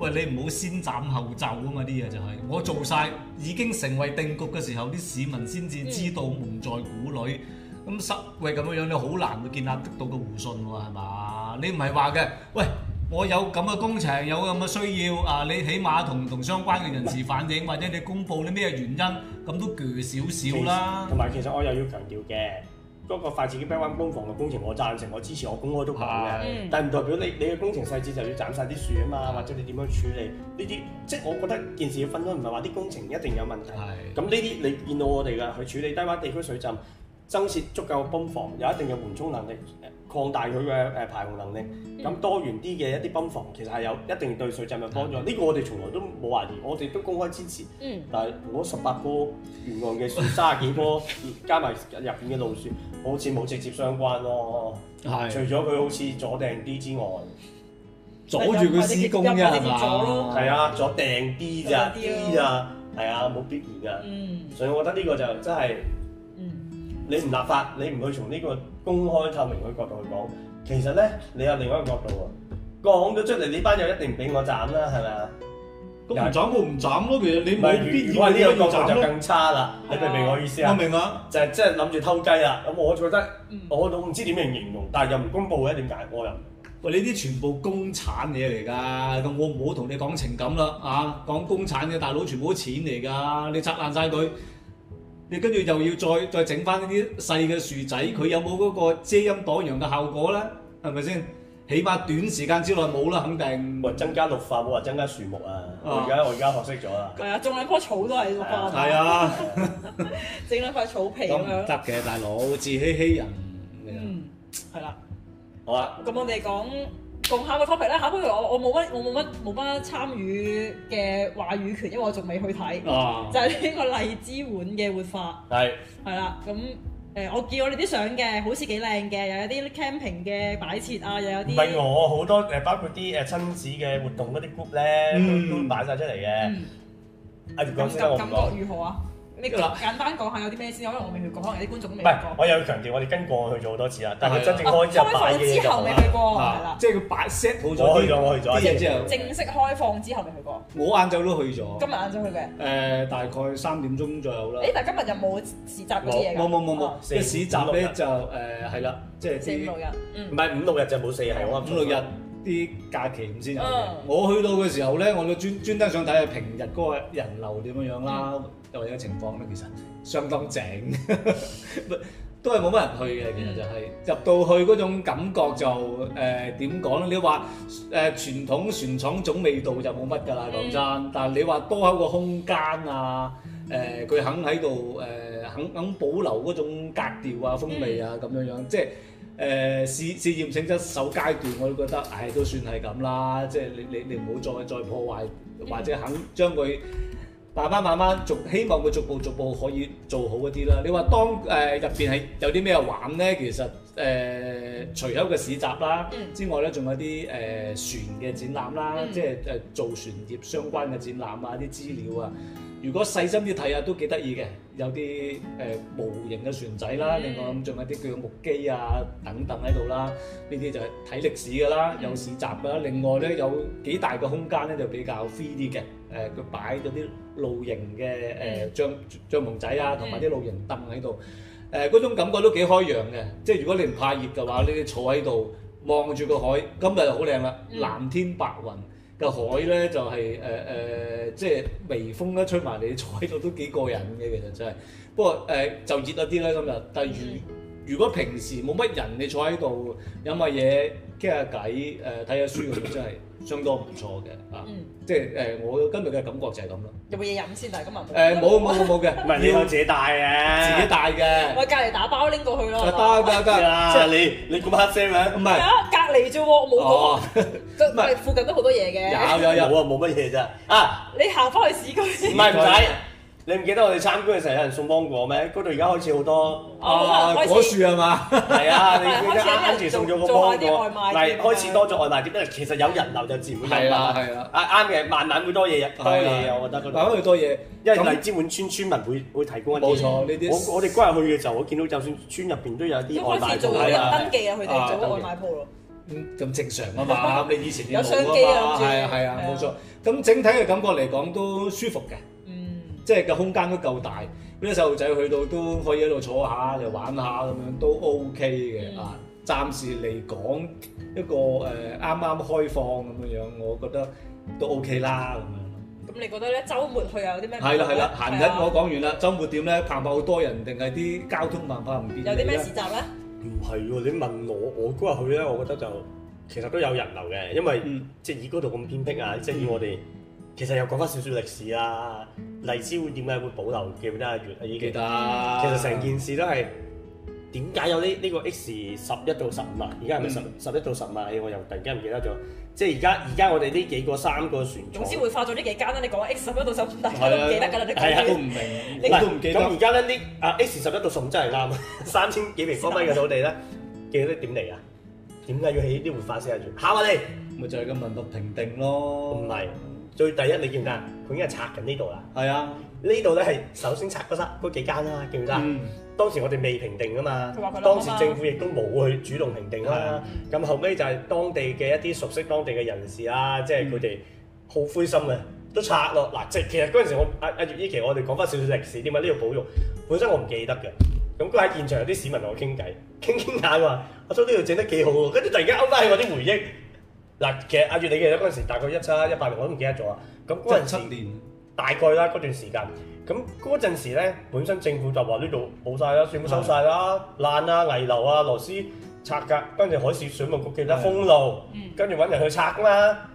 喂，你唔好先斬後奏啊嘛！啲嘢就係、是，我做晒，已經成為定局嘅時候，啲市民先至知道蒙在鼓裏。咁、嗯、失喂咁樣樣，你好難會建立得到個互信喎，係嘛？你唔係話嘅，喂，我有咁嘅工程，有咁嘅需要啊，你起碼同同相關嘅人士反映，或者你公佈啲咩原因，咁都攰少少啦。同埋其實我又要強調嘅。嗰個快自己北灣泵房嘅工程，我贊成，我支持，我公開都講嘅。的但係唔代表你，你嘅工程細節就要斬晒啲樹啊嘛，的或者你點樣處理呢啲？即係、就是、我覺得件事要分開，唔係話啲工程一定有問題。咁呢啲你見到我哋嘅去處理低灣地區水浸，增設足夠泵房，有一定嘅緩衝能力，擴大佢嘅誒排洪能力，咁的多元啲嘅一啲泵房，其實係有一定對水浸有幫助。呢的個我哋從來都冇懷疑，我哋都公開支持。的但係嗰十八棵沿岸嘅樹，卅 幾棵加埋入邊嘅路樹。好似冇直接相關咯，係的除咗佢好似阻訂啲之外，阻住佢施工啊嘛，係啊、嗯嗯，阻訂啲咋 D 啊，係啊、哦，冇必然噶，嗯、所以我覺得呢個就真係，你唔立法，你唔去從呢個公開透明嘅角度去講，其實咧你有另一個角度啊，講咗出嚟，呢班友一定唔俾我斬啦，係咪啊？唔斬佢唔斬咯，是其實你冇必，你必要。喂，呢個動作就更差啦，啊、你明唔明我意思啊？我明啊，就係即係諗住偷雞啦。咁我覺得，我我唔知點樣形容，但係又唔公佈嘅，點解我又？喂，呢啲全部公產嘢嚟㗎，我我唔同你講情感啦嚇、啊，講公產嘅大佬全部都錢嚟㗎，你拆爛晒佢，你跟住又要再再整返呢啲細嘅樹仔，佢有冇嗰個遮陰擋陽嘅效果咧？係咪先？起碼短時間之內冇啦，肯定。話增加綠化，冇話增加樹木啊。啊，我而家我而家學識咗啦。係啊，種兩棵草都係綠化。係啊，整兩塊草皮咁樣。得嘅，大佬自欺欺人。嗯，係啦。好啊。咁我哋講講下個 topic 啦，下，不如我我冇乜我冇乜冇乜參與嘅話語權，因為我仲未去睇。哦。啊、就係呢個荔枝碗嘅活化。係對。係啦，咁。誒、呃、我見我哋啲相嘅，好似幾靚嘅，又有啲 camping 嘅擺設啊，又有啲唔係我好多誒，包括啲誒親子嘅活動嗰啲 group 咧，嗯、都都擺曬出嚟嘅。阿傑哥先同我講，感覺如何啊？簡單講下有啲咩先，因為我未去過，有啲觀眾未去過。我有強調，我哋跟過去咗好多次啦，但係真正開日咗啲嘢之後。正未去過，係啦。即係要擺 set 好咗啲去咗，我去咗啲嘢之後。正式開放之後未去過。我晏晝都去咗。今日晏晝去嘅。誒，大概三點鐘左右啦。誒，但係今日又冇市集冇冇冇冇，市集咧就誒係啦，即係四五六日。唔係五六日就冇四日，係我五六日啲假期五先日。我去到嘅時候咧，我專專登想睇下平日嗰個人流點樣樣啦。有冇呢個情況咧？其實相當正， 都係冇乜人去嘅。Mm hmm. 其實就係、是、入到去嗰種感覺就誒點講咧？你話誒、呃、傳統船廠種味道就冇乜㗎啦講真，mm hmm. 但係你話多一個空間啊，誒、呃、佢肯喺度誒肯肯保留嗰種格調啊、風味啊咁樣、mm hmm. 樣，即係誒、呃、試試驗性質首階段，我都覺得唉、哎、都算係咁啦。即係你你你唔好再再破壞，或者肯將佢、mm。Hmm. 慢慢慢慢，逐希望佢逐步逐步可以做好一啲啦。你話當誒入邊係有啲咩玩咧？其實誒除咗個市集啦，之外咧仲有啲誒、呃、船嘅展覽啦，即係誒造船業相關嘅展覽啊，啲資料啊。如果細心啲睇下都幾得意嘅，有啲誒模型嘅船仔啦，另外咁仲有啲鋸木機啊等等喺度啦，呢啲就係睇歷史噶啦，有市集噶，另外咧有幾大嘅空間咧就比較 free 啲嘅，誒、呃、佢擺咗啲露營嘅誒帳帳篷仔啊，同埋啲露營凳喺度，誒、呃、嗰種感覺都幾開揚嘅，即係如果你唔怕熱嘅話，啲、mm hmm. 坐喺度望住個海，今日就好靚啦，藍天，mm hmm. 藍天白雲。個海咧就係誒誒，即係微風咧吹埋你坐喺度都幾過癮嘅，其實真、就、係、係。不過誒、呃、就熱一啲啦今日。但係如如果平時冇乜人你坐喺度，飲乜嘢？傾下偈，誒睇下書咁樣真係相當唔錯嘅，啊，即係誒我今日嘅感覺就係咁咯。有冇嘢飲先但係？今日誒冇冇冇冇嘅，唔係你攞自己帶嘅，自己帶嘅。喂，隔離打包拎過去咯。包得得，即係你你黑把咩？唔係。隔離啫喎，冇講。唔係附近都好多嘢嘅。有有有啊，冇乜嘢咋啊？你行翻去市區先。唔係唔使。你唔記得我哋參觀嘅時候有人送芒果咩？嗰度而家開始好多果樹係嘛？係啊，你記得啱啱送咗個芒果，唔係開始多咗外賣店？因為其實有人流就自然會有啦，係啦係啦啱嘅，慢慢會多嘢，多嘢我覺得慢慢會多嘢，因為荔枝碗村村民會會提供一啲冇錯我哋嗰日去嘅時候，我見到就算村入邊都有啲外賣鋪啦。啊，開始登記啊，佢哋做外賣鋪咯。咁正常啊嘛。你以前冇啊嘛？係啊係啊，冇錯。咁整體嘅感覺嚟講都舒服嘅。即係個空間都夠大，畀啲細路仔去到都可以喺度坐下又玩下咁樣都 OK 嘅啊！嗯、暫時嚟講一個誒啱啱開放咁樣，我覺得都 OK 啦咁樣。咁你覺得咧？周末去有啲咩？係啦係啦，閑日我講完啦。周末點咧？怕冇好多人定係啲交通辦法唔便利，有啲咩市集咧？唔係喎，你問我，我嗰日去咧，我覺得就其實都有人流嘅，因為即係以度咁偏僻啊，即係以我哋。嗯其實又講翻少少歷史啦，荔枝碗點解會保留記唔記得？月啊已經記得。其實成件事都係點解有呢呢個 X 十一到十五啊？而家係咪十十一到十五啊？我又突然間唔記得咗。即係而家而家我哋呢幾個三個船廠總之活化咗呢幾間啦。你講 X 十一到十五，大家都唔記得㗎啦。係啊，都唔明，都唔記得。咁而家咧啲啊 X 十一到十五真係啱啊！三千幾平方米嘅土地咧，記得點嚟啊？點解要起啲活化社區？嚇我哋咪就係個民國評定咯，唔係。最第一你見唔見啊？佢已經係拆緊呢度啦。係啊，呢度咧係首先拆嗰間嗰幾間啦，見唔見啊？當時我哋未評定㗎嘛，當時政府亦都冇去主動評定啦。咁後尾就係當地嘅一啲熟悉當地嘅人士啊，即係佢哋好灰心嘅，都拆落。嗱，即係其實嗰陣時我阿阿月依期我哋講翻少少歷史，點解呢度保育？本身我唔記得嘅。咁佢喺現場有啲市民同我傾偈，傾傾下佢話：阿叔呢度整得幾好喎。跟住突然間勾翻起我啲回憶。嗱，其實亞珠你記得嗰陣時大概一七一八零，我唔記得咗啊。咁嗰陣時大概啦，嗰段時間，咁嗰陣時咧，本身政府就話呢度冇曬啦，全部收曬啦，爛啊危樓啊，螺絲拆㗎，跟住海事水務局記得封路，跟住揾人去拆啦。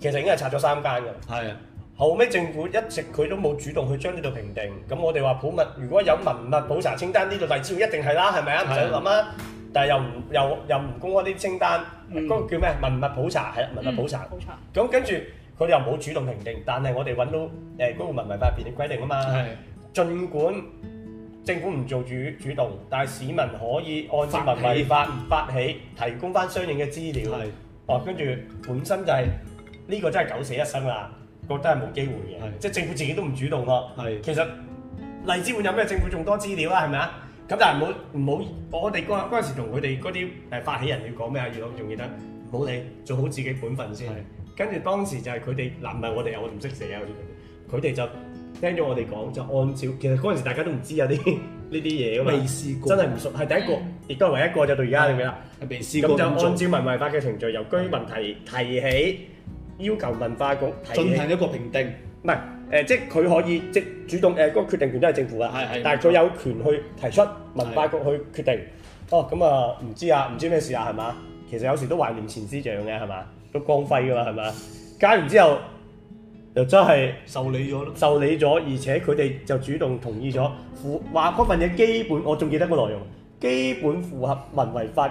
其實已經係拆咗三間嘅。係。後尾政府一直佢都冇主動去將呢度評定，咁我哋話普物如果有文物普查清單，呢度荔枝碗一定係啦，係咪啊？唔使諗啊。但係又唔又又唔公開啲清單，嗰、嗯、叫咩文物普查？係文物普查。冇錯。咁、嗯、跟住佢哋又冇主動評定，但係我哋揾到誒根據文物法條定規定啊嘛。係、嗯。儘管政府唔做主主動，但係市民可以按照文物法發起，發起提供翻相應嘅資料。係、嗯。哦、啊，跟住本身就係、是、呢、這個真係九死一生啦，覺得係冇機會嘅，嗯、即係政府自己都唔主動咯。係、嗯。是其實荔枝碗有咩政府仲多資料啊？係咪啊？咁但係唔好唔好，我哋嗰嗰陣時同佢哋嗰啲誒發起人要講咩啊？仲記唔記得？唔好理，做好自己本分先。跟住當時就係佢哋，嗱唔係我哋啊，我唔識寫啊。佢哋就聽咗我哋講，就按照其實嗰陣時大家都唔知有啲呢啲嘢㗎嘛。未試過，真係唔熟係第一個，亦都係唯一一個就到而家，你明啦？未試過咁就按照文遺法嘅程序，由居民提提起要求文化局進行一個評定。係。誒，即係佢可以即係主動誒，嗰個決定權都係政府嘅，但係佢有權去提出，文化局去決定。哦，咁啊，唔知啊，唔知咩事啊，係嘛？其實有時都懷念前司長嘅係嘛，都光輝㗎嘛係嘛？加完之後又真係受理咗咯，受理咗，而且佢哋就主動同意咗，覆話嗰份嘢基本，我仲記得個內容，基本符合文遺法誒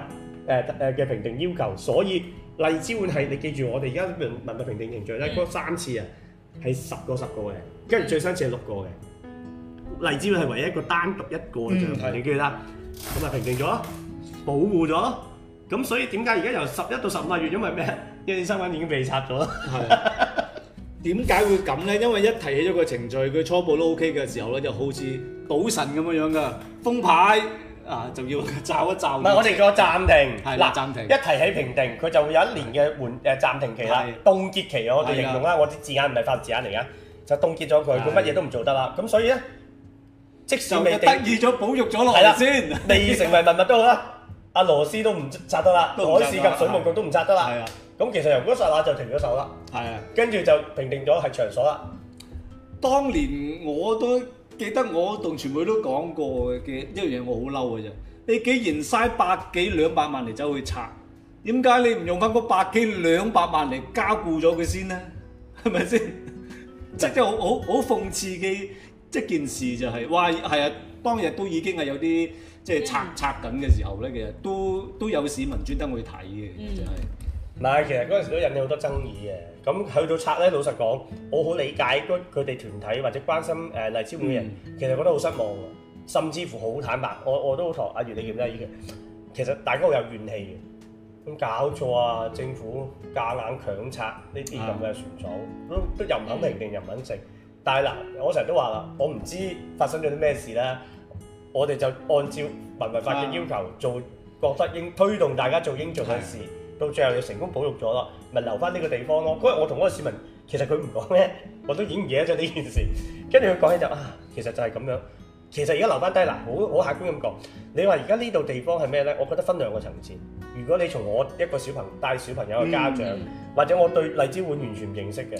誒嘅評定要求，所以荔枝碗係你記住，我哋而家文文物評定程序咧，嗰三次啊。係十個十個嘅，跟住最相似係六個嘅，荔枝係唯一一個單獨一個嘅狀態。你記得，咁咪平靜咗，保護咗，咁所以點解而家由十一到十五個月？因為咩？因為新聞已經被拆咗。係，點解會咁咧？因為一提起咗個程序，佢初步都 OK 嘅時候咧，就好似賭神咁樣樣嘅封牌。啊！仲要暫一暫唔係我哋叫暫停，嗱暫停，一提起評定，佢就會有一年嘅緩誒暫停期啦，凍結期我哋形容啦，我啲字眼唔係法字眼嚟㗎，就凍結咗佢，佢乜嘢都唔做得啦。咁所以咧，即使未得意咗保育咗落嚟先，未成為文物都好啦，阿羅斯都唔拆得啦，海事及水務局都唔拆得啦。咁其實又一剎那就停咗手啦，跟住就評定咗係場所啦。當年我都。記得我同傳媒都講過嘅，一樣嘢我好嬲嘅啫。你既然嘥百幾兩百萬嚟走去拆，點解你唔用翻嗰百幾兩百萬嚟加固咗佢先呢？係咪先？即係好好好諷刺嘅一件事就係、係，哇，係啊，當日都已經係有啲即係拆拆緊嘅時候咧，其實都都有市民專登去睇嘅，其實、嗯就係嗱，其實嗰陣時都引起好多爭議嘅。咁去到拆咧，老實講，我好理解佢哋團體或者關心誒荔枝碗嘅人，呃嗯、其實覺得好失望，甚至乎好坦白，我我都好同阿袁李建真意見。其實大家好有怨氣咁搞錯啊！政府夾硬強拆呢啲咁嘅船廠、啊，都都又唔肯認定又唔肯食。嗯、但係嗱，我成日都話啦，我唔知發生咗啲咩事咧，我哋就按照文物法嘅要求、啊、做，覺得應推動大家做應做嘅事。嗯。到最後你成功保育咗咯，咪留翻呢個地方咯。嗰日我同嗰個市民，其實佢唔講咩，我都已經唔記得咗呢件事。跟住佢講起就啊，其實就係咁樣。其實而家留翻低嗱，好好客觀咁講，你話而家呢度地方係咩咧？我覺得分兩個層次。如果你從我一個小朋友帶小朋友嘅家長，或者我對荔枝碗完全唔認識嘅，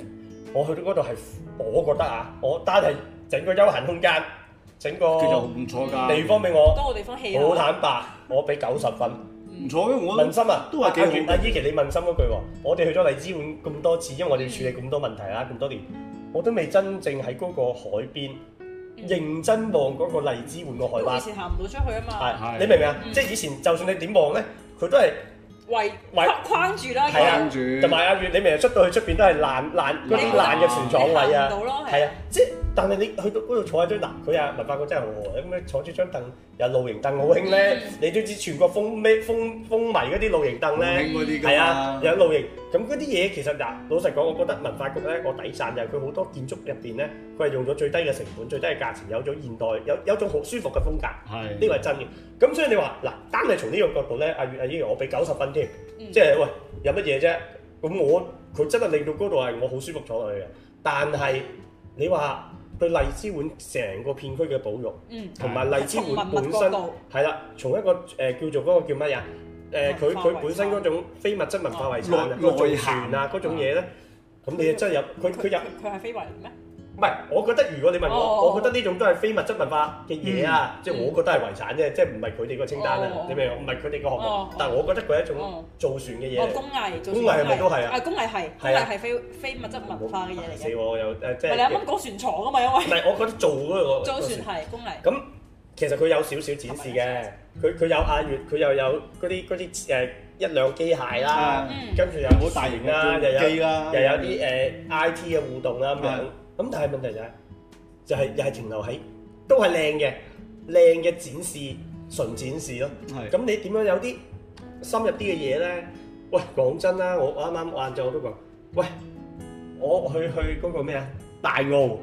我去到嗰度係，我覺得啊，我單係整個休閒空間，整個叫做唔錯㗎地方俾我。多個地方氣，好坦白，我俾九十分。唔錯嘅，我問心啊，都話幾好。阿阿依琪，你問心嗰句喎，我哋去咗荔枝碗咁多次，因為我哋要處理咁多問題啦，咁多年，我都未真正喺嗰個海邊，認真望嗰個荔枝碗個海灣。以前行唔到出去啊嘛。係係。你明唔明啊？即係以前，就算你點望咧，佢都係圍圍框住啦。係啊。同埋阿月，你明唔明？出到去出邊都係爛爛啲爛嘅船廠位啊。行唔到咯。係啊，即係。但係你去到嗰度坐喺張嗱，佢啊文化局真係好好。咁你坐住張凳又露營凳好興咧， 你都知全國風咩風風靡嗰啲露營凳咧，啲㗎，係啊，有露營，咁嗰啲嘢其實嗱，老實講，我覺得文化局咧，我抵贊就係佢好多建築入邊咧，佢係用咗最低嘅成本、最低嘅價錢，有咗現代有有種好舒服嘅風格，係呢個係真嘅。咁所以你話嗱、啊，單係從呢個角度咧，阿月阿英我俾九十分添，即係、嗯就是、喂有乜嘢啫？咁我佢真係令到嗰度係我好舒服坐落去嘅。但係你話。對荔枝碗成個片區嘅保育，嗯，同埋荔枝碗本身係啦，從一個誒、呃、叫做嗰個叫乜嘢？誒、呃，佢佢本身嗰種非物質文化遺產嘅嗰種遺傳啊嗰種嘢咧，咁、嗯、你真係有佢佢入佢係非遺咩？唔係，我覺得如果你問我，我覺得呢種都係非物質文化嘅嘢啊，即係我覺得係遺產啫，即係唔係佢哋個清單啊？點樣？唔係佢哋個項目，但係我覺得佢係一種造船嘅嘢，工藝係咪都係啊？係工藝係，工藝係非非物質文化嘅嘢嚟嘅。死我又即係。你啱啱講船廠啊嘛，因為。唔係，我覺得做嗰造船係工藝。咁其實佢有少少展示嘅，佢佢有阿月，佢又有嗰啲嗰啲誒一兩機械啦，跟住又好大型啦，又有又有啲誒 I T 嘅互動啦咁樣。咁但係問題就係，是，就係又係停留喺都係靚嘅靚嘅展示純展示咯。咁是、嗯嗯、你點樣有啲深入啲嘅嘢咧？喂，講真啦，我啱啱晏晝我都講，喂，我去去嗰個咩啊大澳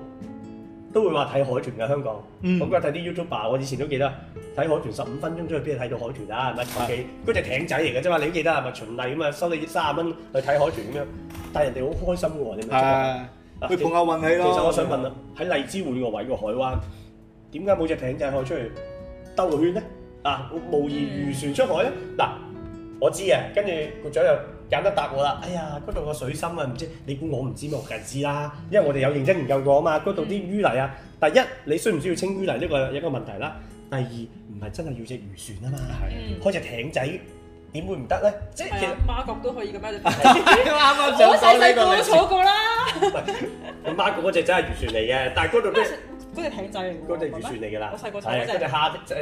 都會話睇海豚嘅香港。咁記得、嗯、睇啲、嗯、YouTuber 我以前都記得睇海豚十五分鐘去未必睇到海豚啊，係咪？嗰隻、啊、艇仔嚟嘅啫嘛，你都記得係咪？循例啊嘛，收你三十蚊去睇海豚咁樣，但係人哋好開心喎，啊，你明唔明去碰下運氣咯。其實我想問啦，喺荔枝碗呢個位、個海灣，點解冇隻艇仔可以出去兜個圈咧？啊，模擬漁船出海咧。嗱、啊，我知啊，跟住局長又揀得答我啦。哎呀，嗰度個水深啊，唔知你估我唔知咩？我梗係知啦，因為我哋有認真研究過啊嘛。嗰度啲淤泥啊，第一你需唔需要清淤泥呢，個有一個問題啦。第二唔係真係要隻漁船啊嘛，的開隻艇仔。點會唔得咧？即其實媽閣都可以咁樣。我細個都坐過啦。你係，媽閣嗰隻真係漁船嚟嘅，但係嗰度都隻艇仔嗰隻漁船嚟㗎啦。我細個就係嗰隻下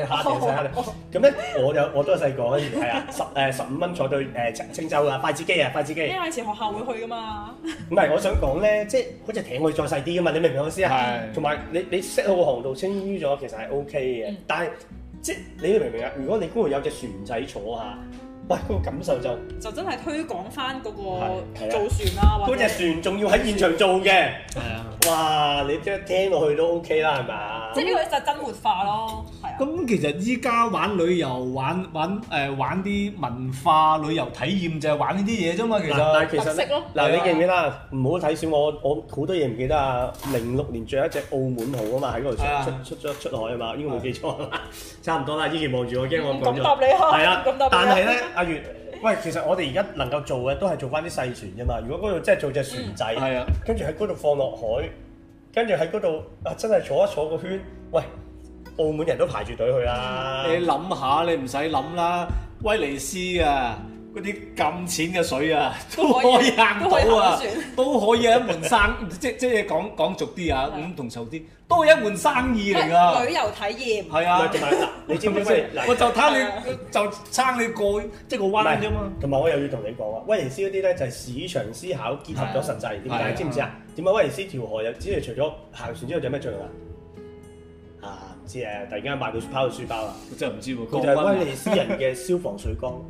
下艇世下。咁咧，我有我都係細個，係啊，十誒十五蚊坐對誒青洲啊，筷子基啊，筷子基。因為以前學校會去㗎嘛。唔係，我想講咧，即係嗰隻艇可以再細啲㗎嘛？你明唔明我意思啊？係。同埋你你識好航道清淤咗，其實係 OK 嘅，但係即係你明唔明啊？如果你公會有隻船仔坐下。喂，哎個感受就就真係推廣返、那、嗰個造船啦、啊。嗰隻船仲要喺現場做嘅，的哇！你即係聽落去都 OK 啦，係咪？即係呢個就真活化咯。咁其實依家玩旅遊玩玩誒玩啲文化旅遊體驗就係玩呢啲嘢啫嘛，其實特色。嗱，你記唔記得？唔好睇小我，我好多嘢唔記得啊。零六年仲有一隻澳門號啊嘛，喺嗰度出出出出海啊嘛，應該冇記錯差唔多啦，以前望住我驚我講錯，唔敢答你嚇，但係咧，阿月，喂，其實我哋而家能夠做嘅都係做翻啲細船啫嘛。如果嗰度真係做隻船仔，跟住喺嗰度放落海，跟住喺嗰度啊，真係坐一坐個圈，喂！澳門人都排住隊去啦！你諗下，你唔使諗啦，威尼斯啊，嗰啲咁淺嘅水啊，都可以行到啊，都可以啊，一門生，即即係講講俗啲啊，五同手啲，都係一門生意嚟㗎。旅遊體驗係啊，同埋你知唔知？我就睇你，就撐你過即係個彎啫嘛。同埋我又要同你講啊，威尼斯嗰啲咧就係市場思考結合咗實際，點解？知唔知啊？點解威尼斯條河又？只係除咗行船之外，有咩作用啊？知突然間買到拋到書包啦！我真係唔知喎，佢就係威尼斯人嘅消防水缸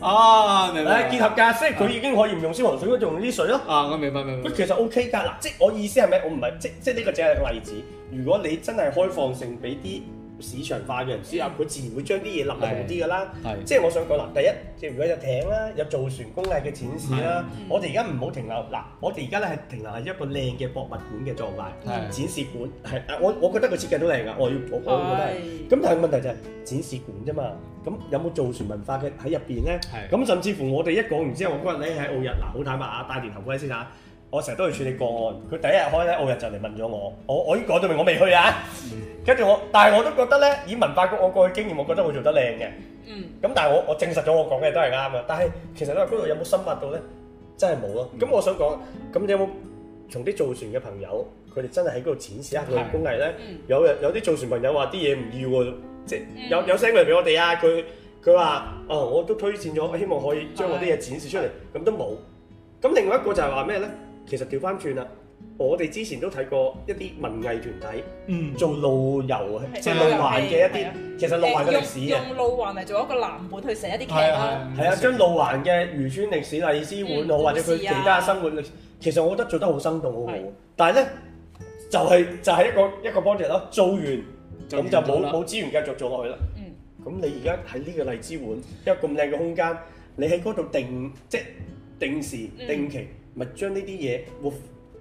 哦、 啊，明白，結合架，即佢、啊、已經可以唔用消防水，佢、啊、用啲水咯。啊，我明白明白。明白其實 OK 㗎，嗱，即係我意思係咩？我唔係即即呢、這個只係例子。如果你真係開放性俾啲。市場化嘅人之後，佢、嗯、自然會將啲嘢立得好啲噶啦。嗯、即係我想講嗱，第一即如果有艇啦，有造船工藝嘅展示啦，我哋而家唔好停留。嗱，我哋而家咧係停留係一個靚嘅博物館嘅狀態，嗯、展示館係。我我覺得佢設計都靚噶，我要我我覺得咁、哎、但係問題就係展示館啫嘛。咁有冇造船文化嘅喺入邊咧？咁、嗯、甚至乎我哋一講完之後，我嗰日你喺澳日嗱，好、嗯、坦白啊，大連頭嗰先生，我成日都去處理個案，佢第一日開咧澳日就嚟問咗我，我我已經講到明，我，到我未去啊。 跟住我，但係我都覺得咧，以文化局我過去經驗，我覺得會做得靚嘅。嗯。咁但係我我證實咗我講嘅都係啱嘅！但係其實咧，嗰度有冇深入到咧？真係冇咯。咁我想講，咁你有冇從啲造船嘅朋友，佢哋真係喺嗰度展示一下佢嘅工藝咧？有有啲造船朋友話啲嘢唔要喎，即係有有聲嚟俾我哋啊！佢佢話：啊，我都推薦咗，希望可以將我啲嘢展示出嚟，咁都冇。咁另外一個就係話咩咧？其實調翻轉啦。我哋之前都睇過一啲文藝團體，嗯，做路遊即係路環嘅一啲，其實路環嘅歷史啊，用路環嚟做一個藍本去寫一啲劇啊，係啊，將路環嘅漁村歷史、荔枝碗，或者佢其他生活歷史，其實我覺得做得好生動好好。但係咧，就係就係一個一個 project 咯，做完咁就冇冇資源繼續做落去啦。嗯，咁你而家喺呢個荔枝碗一個咁靚嘅空間，你喺嗰度定即係定時定期，咪將呢啲嘢活。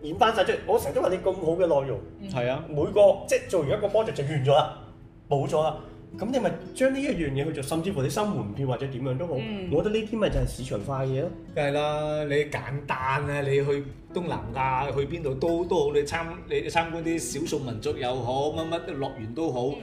演翻晒出嚟，我成日都話你咁好嘅內容，係啊、嗯，每個即係做完一個 project 就完咗啦，冇咗啦，咁你咪將呢一樣嘢去做，甚至乎你收門票或者點樣都好，嗯、我覺得呢啲咪就係市場化嘅嘢咯，梗係啦，你簡單啊，你去東南亞去邊度都都好，你參你參觀啲少數民族又好，乜乜樂園都好。嗯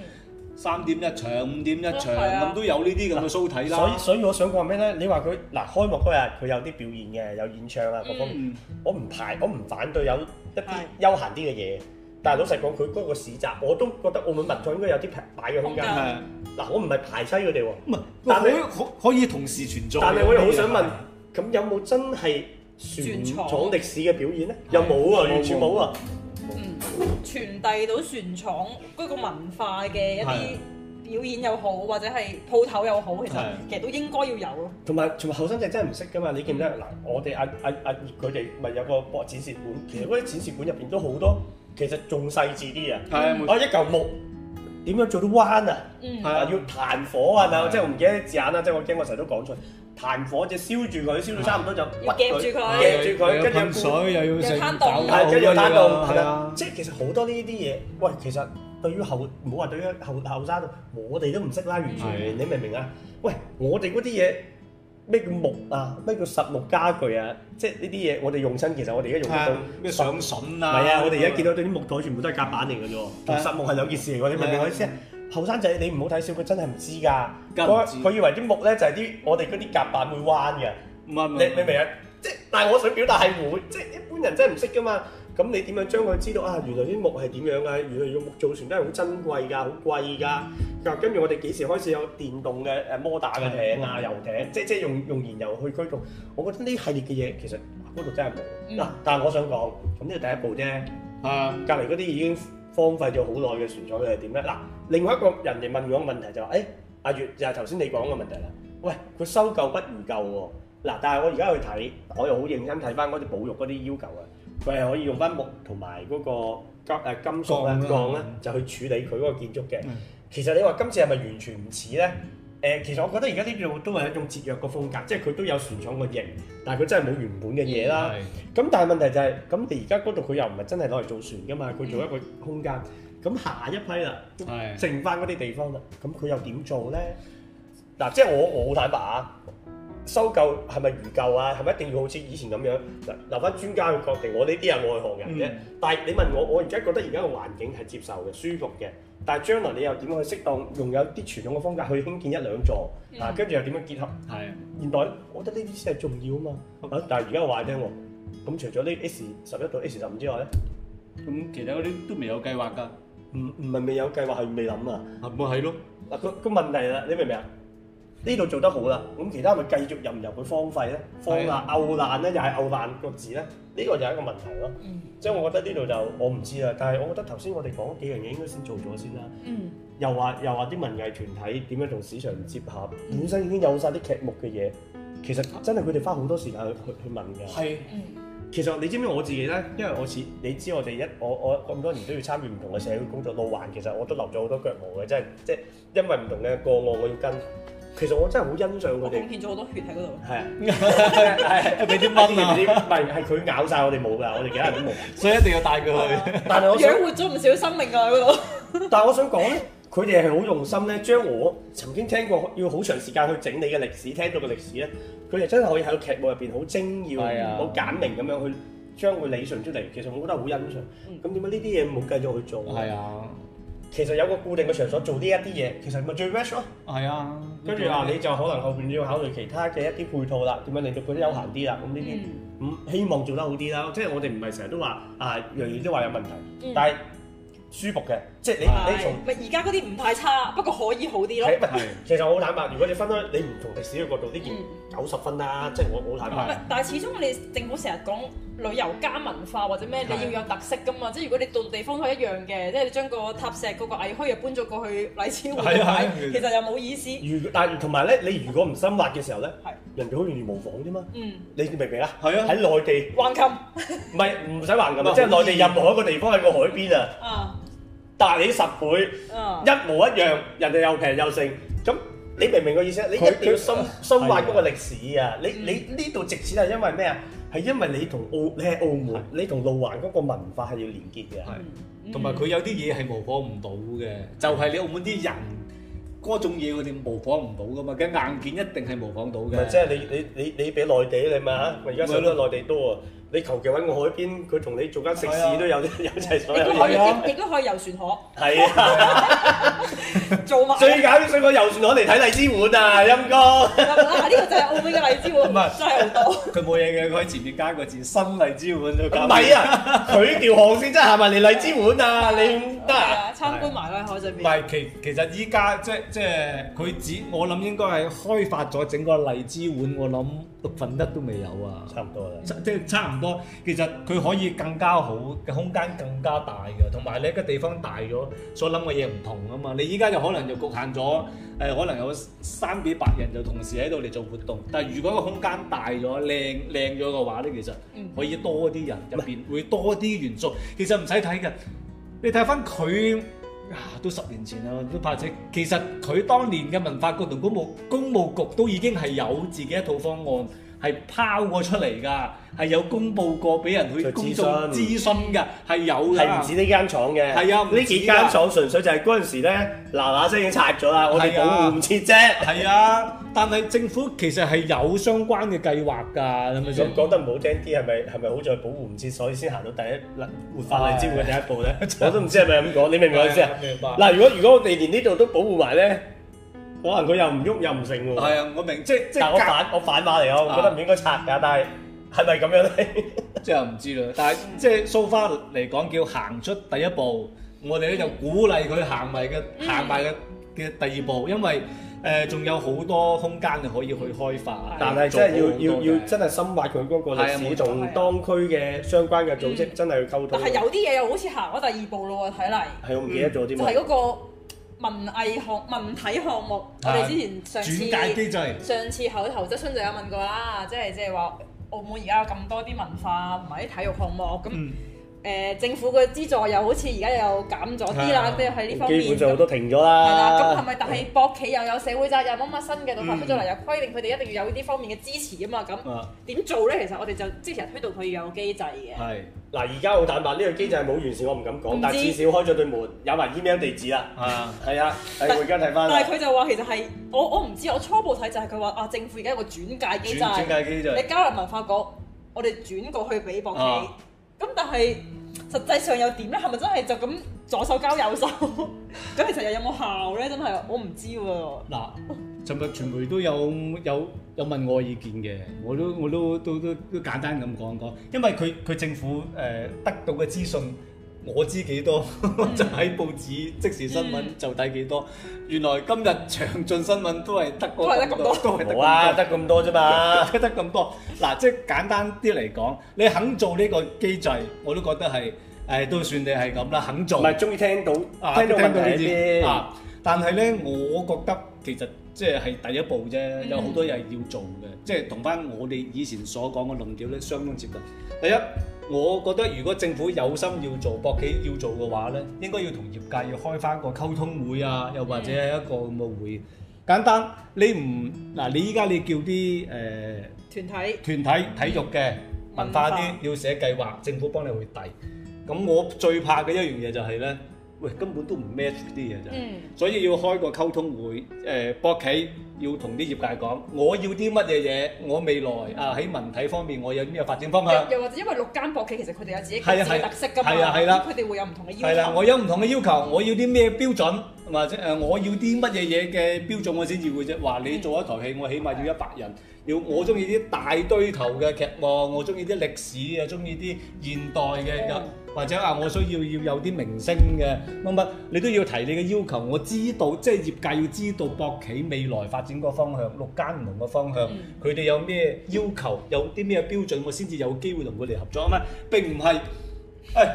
三點一場，五點一場，咁都有呢啲咁嘅 show 睇啦，所以所以我想講咩咧？你話佢嗱，開幕嗰日佢有啲表演嘅，有演唱啊各方面，我唔排我唔反對有一啲休閒啲嘅嘢，但係老實講，佢嗰個市集我都覺得澳門民眾應該有啲平擺嘅空間嗱，我唔係排擠佢哋喎，唔係，但係可可以同時存在。但係我又好想問，咁有冇真係船廠歷史嘅表演咧？有冇啊，完全冇啊！嗯，傳遞到船廠嗰個文化嘅一啲表演又好，的或者係鋪頭又好，其實其實都應該要有咯。同埋的，同後生仔真係唔識噶嘛？嗯、你見唔見嗱，我哋阿阿阿葉佢哋咪有個博展示館，其實嗰啲展示館入邊都好多，其實仲細緻啲啊！哦，一嚿木點樣做到彎啊？嗯，啊要彈火啊嗱，即係的我唔記得啲字眼啦，即係我驚我成日都講出嚟。炭火就燒住佢，燒到差唔多就夾住佢，夾住佢，跟住水又要攤凍，係跟住又打洞，係啦。即係其實好多呢啲嘢，喂，其實對於後，唔好話對於後後生，我哋都唔識啦，完全你明唔明啊？喂，我哋嗰啲嘢咩叫木啊？咩叫實木家具啊？即係呢啲嘢，我哋用身其實我哋而家用到咩上筍啊？係啊，我哋而家見到對啲木台全部都係夾板嚟嘅啫，做實木係兩件事嚟嘅。你明唔明我意思？後生仔你唔好睇小。佢，真係唔知㗎。佢以為啲木咧就係啲我哋嗰啲夾板會彎嘅，唔係。你你明啊？即係但係我想表達係會，即係一般人真係唔識㗎嘛。咁你點樣將佢知道啊？原來啲木係點樣㗎？原來用木造船真係好珍貴㗎，好貴㗎。咁跟住我哋幾時開始有電動嘅誒摩打嘅艇啊、油艇鐵？嗯、即即用用燃油去驅動。我覺得呢系列嘅嘢其實嗰度真係冇。嗱、嗯，但係我想講，咁呢第一步啫。啊、嗯！隔離嗰啲已經。荒廢咗好耐嘅船廠佢係點咧？嗱，另外一個人哋問我個問題就話，誒、哎，阿月就係頭先你講嘅問題啦。喂，佢修舊不如舊喎。嗱，但係我而家去睇，我又好認真睇翻嗰啲保育嗰啲要求啊。佢係可以用翻木同埋嗰個金誒金屬咧、鋼咧、啊啊，就去處理佢嗰個建築嘅。嗯、其實你話今次係咪完全唔似咧？誒，其實我覺得而家呢度都係一種節約嘅風格，即係佢都有船廠個型，但係佢真係冇原本嘅嘢啦。咁、嗯、但係問題就係、是，咁你而家嗰度佢又唔係真係攞嚟做船噶嘛？佢做一個空間。咁、嗯、下一批啦，是剩翻嗰啲地方啦，咁佢又點做咧？嗱、啊，即係我我好坦白啊，收購係咪如舊啊？係咪一定要好似以前咁樣？嗱，留翻專家去確定我。我呢啲係外行人嘅，但係你問我，我而家覺得而家個環境係接受嘅，舒服嘅。但係將來你又點樣去適當用有啲傳統嘅風格去興建一兩座啊？跟住又點樣結合？係現代，我覺得呢啲先係重要啊嘛。但係而家話聽喎，咁除咗呢 S 十一到 S 十五之外咧，咁其他嗰啲都未有計劃㗎。唔，唔係未有計劃，係未諗啊。啊，咪係咯。嗱，嗰，嗰問題啦，你明唔明啊？呢度做得好啦，咁其他咪繼續任由佢荒廢咧、荒爛的、嘔爛咧，又係嘔爛個字咧？呢、這個就係一個問題咯。即所、嗯、我覺得呢度就我唔知啊，但係我覺得頭先我哋講幾樣嘢應該先做咗先啦。嗯，又話又話啲文藝團體點樣同市場接合，嗯、本身已經有晒啲劇目嘅嘢，其實真係佢哋花好多時間去去問㗎。係的，其實你知唔知我自己咧？因為我似你知我哋一我我咁多年都要參與唔同嘅社會工作路環，其實我都留咗好多腳毛嘅，即係即係因為唔同嘅個案我，我要跟。其實我真係好欣賞佢哋，湧現咗好多血喺嗰度。係啊，係俾啲蚊啊，唔係係佢咬晒我哋冇㗎，我哋其他人都冇。 所以一定要帶佢去。啊、但係我想，養活咗唔少生命㗎喺嗰度。 但係我想講咧，佢哋係好用心咧，將我曾經聽過要好長時間去整理嘅歷史，聽到嘅歷史咧，佢哋真係可以喺個劇目入邊好精要、好、啊、簡明咁樣去將佢理順出嚟。其實我覺得好欣賞。咁點解呢啲嘢冇繼續去做？係啊。其實有個固定嘅場所做呢一啲嘢，其實咪最 match 咯。係啊，跟住嗱，你就可能後邊要考慮其他嘅一啲配套啦， 你點樣令到佢休閒啲啦，咁呢啲，咁、嗯嗯、希望做得好啲啦。即係我哋唔係成日都話啊樣樣都話有問題，嗯、但係。舒服嘅，即係你你從唔係而家嗰啲唔太差，不過可以好啲咯。其實我好坦白，如果你分開，你唔同迪士嘅角度，呢件九十分啦，即係我好坦白。但係始終你政府成日講旅遊加文化或者咩，你要有特色噶嘛。即係如果你到地方都一樣嘅，即係你將個塔石嗰個藝墟又搬咗過去荔枝碗，其實又冇意思。如但係同埋咧，你如果唔深挖嘅時候咧，係人哋好容易模仿啫嘛。嗯，你明唔明啊？係啊，喺內地橫琴，唔係唔使橫琴，即係內地任何一個地方喺個海邊啊。但係你十倍一模一樣，人哋又平又正，咁你明唔明個意思啊？你一定要深深挖嗰個歷史啊，你你呢度值錢係因為咩啊？係因為你同澳，你係澳門，你同路環嗰個文化係要連結嘅，同埋佢有啲嘢係模仿唔到嘅，就係你澳門啲人嗰種嘢，我哋模仿唔到噶嘛。嘅硬件一定係模仿到嘅。唔係，即係你你你你俾內地你嘛？而家想到內地多啊。你求其揾個海邊，佢同你做間食肆，都有啲有齊所有。亦都可以亦都可以遊船河。係啊，做埋最搞笑嗰個遊船河嚟睇荔枝碗啊，陰哥。係咪啊？呢個就係澳門嘅荔枝碗，真係好多。佢冇嘢嘅，佢喺前面加個字，新荔枝碗就咁。唔係啊，佢條航線真係，係咪嚟荔枝碗啊？你唔得啊？參觀埋喺海上面。唔係，其其實依家即即係佢只我諗應該係開發咗整個荔枝碗，我諗份得都未有啊。差唔多啦，即係差唔。其實佢可以更加好嘅空間，更加大嘅，同埋你一個地方大咗，所諗嘅嘢唔同啊嘛。你依家就可能就局限咗，誒可能有三至八人就同時喺度嚟做活動。但係如果個空間大咗、靚靚咗嘅話咧，其實可以多啲人入邊，面會多啲元素。其實唔使睇嘅，你睇翻佢，都十年前啦，都或者其實佢當年嘅文化局同公務公務局都已經係有自己一套方案係拋過出嚟㗎，係有公佈過俾人去公眾諮詢嘅，係有㗎。係唔止呢間廠嘅，係啊，呢幾間廠純粹就係嗰陣時咧嗱嗱聲已經拆咗啦，我哋保護唔切啫。係啊， 啊，但係政府其實係有相關嘅計劃㗎，咁咪咁講得唔好聽啲係咪？係咪好在保護唔切，所以先行到第一嗱活化嚟之嘅第一步咧？ 我都唔知係咪咁講，你明唔明我意思啊？嗱， 如果如果我哋連呢度都保護埋咧？可能佢又唔喐又唔成喎。係啊，我明即係即係。但係我反我反話嚟，我覺得唔應該拆㗎。但係係咪咁樣咧？即係唔知啦。但係即係 so far 嚟講叫行出第一步，我哋咧就鼓勵佢行埋嘅行埋嘅嘅第二步，因為誒仲有好多空間係可以去開發。但係即係要要要真係深挖佢嗰個歷史，同當區嘅相關嘅組織真係去溝通。但係有啲嘢又好似行咗第二步啦喎，睇嚟。係我唔記得咗啲咩？就係嗰個。文藝項、文體項目，啊、我哋之前上次上次口頭質詢就有問過啦，即係即係話澳門而家有咁多啲文化同埋啲體育項目咁。誒政府嘅資助又好似而家又減咗啲啦，咁又喺呢方面基本上都停咗啦。係啦，咁係咪？但係博企又有社會責任乜乜新嘅賭法出咗嚟又規定佢哋一定要有呢啲方面嘅支持啊嘛，咁點做咧？其實我哋就之前推動佢要有個機制嘅。係嗱，而家好坦白，呢個機制係冇完善，我唔敢講，但係至少開咗對門，有埋 email 地址啦。係啊，係啊，我而家睇翻。但係佢就話其實係我我唔知，我初步睇就係佢話啊，政府而家有個轉介機制。轉介機制。你交入文化局，我哋轉過去俾博企。咁但係。實際上又點咧？係咪真係就咁左手交右手？咁其實又有冇效咧？真係我唔知喎。嗱，尋日傳媒都有有有問我意見嘅，我都我都都都都簡單咁講講。因為佢佢政府誒得到嘅資訊，我知幾多，就喺報紙即時新聞就睇幾多。原來今日詳盡新聞都係得個咁多，好啊，得咁多啫嘛，得咁多。嗱，即係簡單啲嚟講，你肯做呢個機制，我都覺得係。誒都算你係咁啦，肯做。唔係終於聽到，聽到問題先。啊，但係咧，我覺得其實即係係第一步啫，有好多嘢要做嘅，即係同翻我哋以前所講嘅論調咧相當接近。第一，我覺得如果政府有心要做博企要做嘅話咧，應該要同業界要開翻個溝通會啊，又或者係一個咁嘅會。簡單，你唔嗱你依家你叫啲誒團體團體體育嘅文化啲，要寫計劃，政府幫你去遞。咁我最怕嘅一樣嘢就係、是、咧，喂，根本都唔 match 啲嘢啫，嗯、所以要開個溝通會，誒、呃、博企要同啲業界講，我要啲乜嘢嘢，我未來、嗯、啊喺文體方面我有啲咩發展方向？又或者因為六間博企其實佢哋有自己公司特色㗎嘛，咁佢哋會有唔同嘅要求。係啦、啊啊，我有唔同嘅要求，我要啲咩標準，或者誒我要啲乜嘢嘢嘅標準我先至會啫。話、啊、你做一台戲，我起碼要一百人。嗯要我中意啲大堆頭嘅劇目，我中意啲歷史啊，中意啲現代嘅，又或者話我需要要有啲明星嘅乜乜，你都要提你嘅要求，我知道，即係業界要知道博企未來發展嗰方向，六間唔同嘅方向，佢哋有咩要求，有啲咩標準，我先至有機會同佢哋合作啊嘛。並唔係，誒，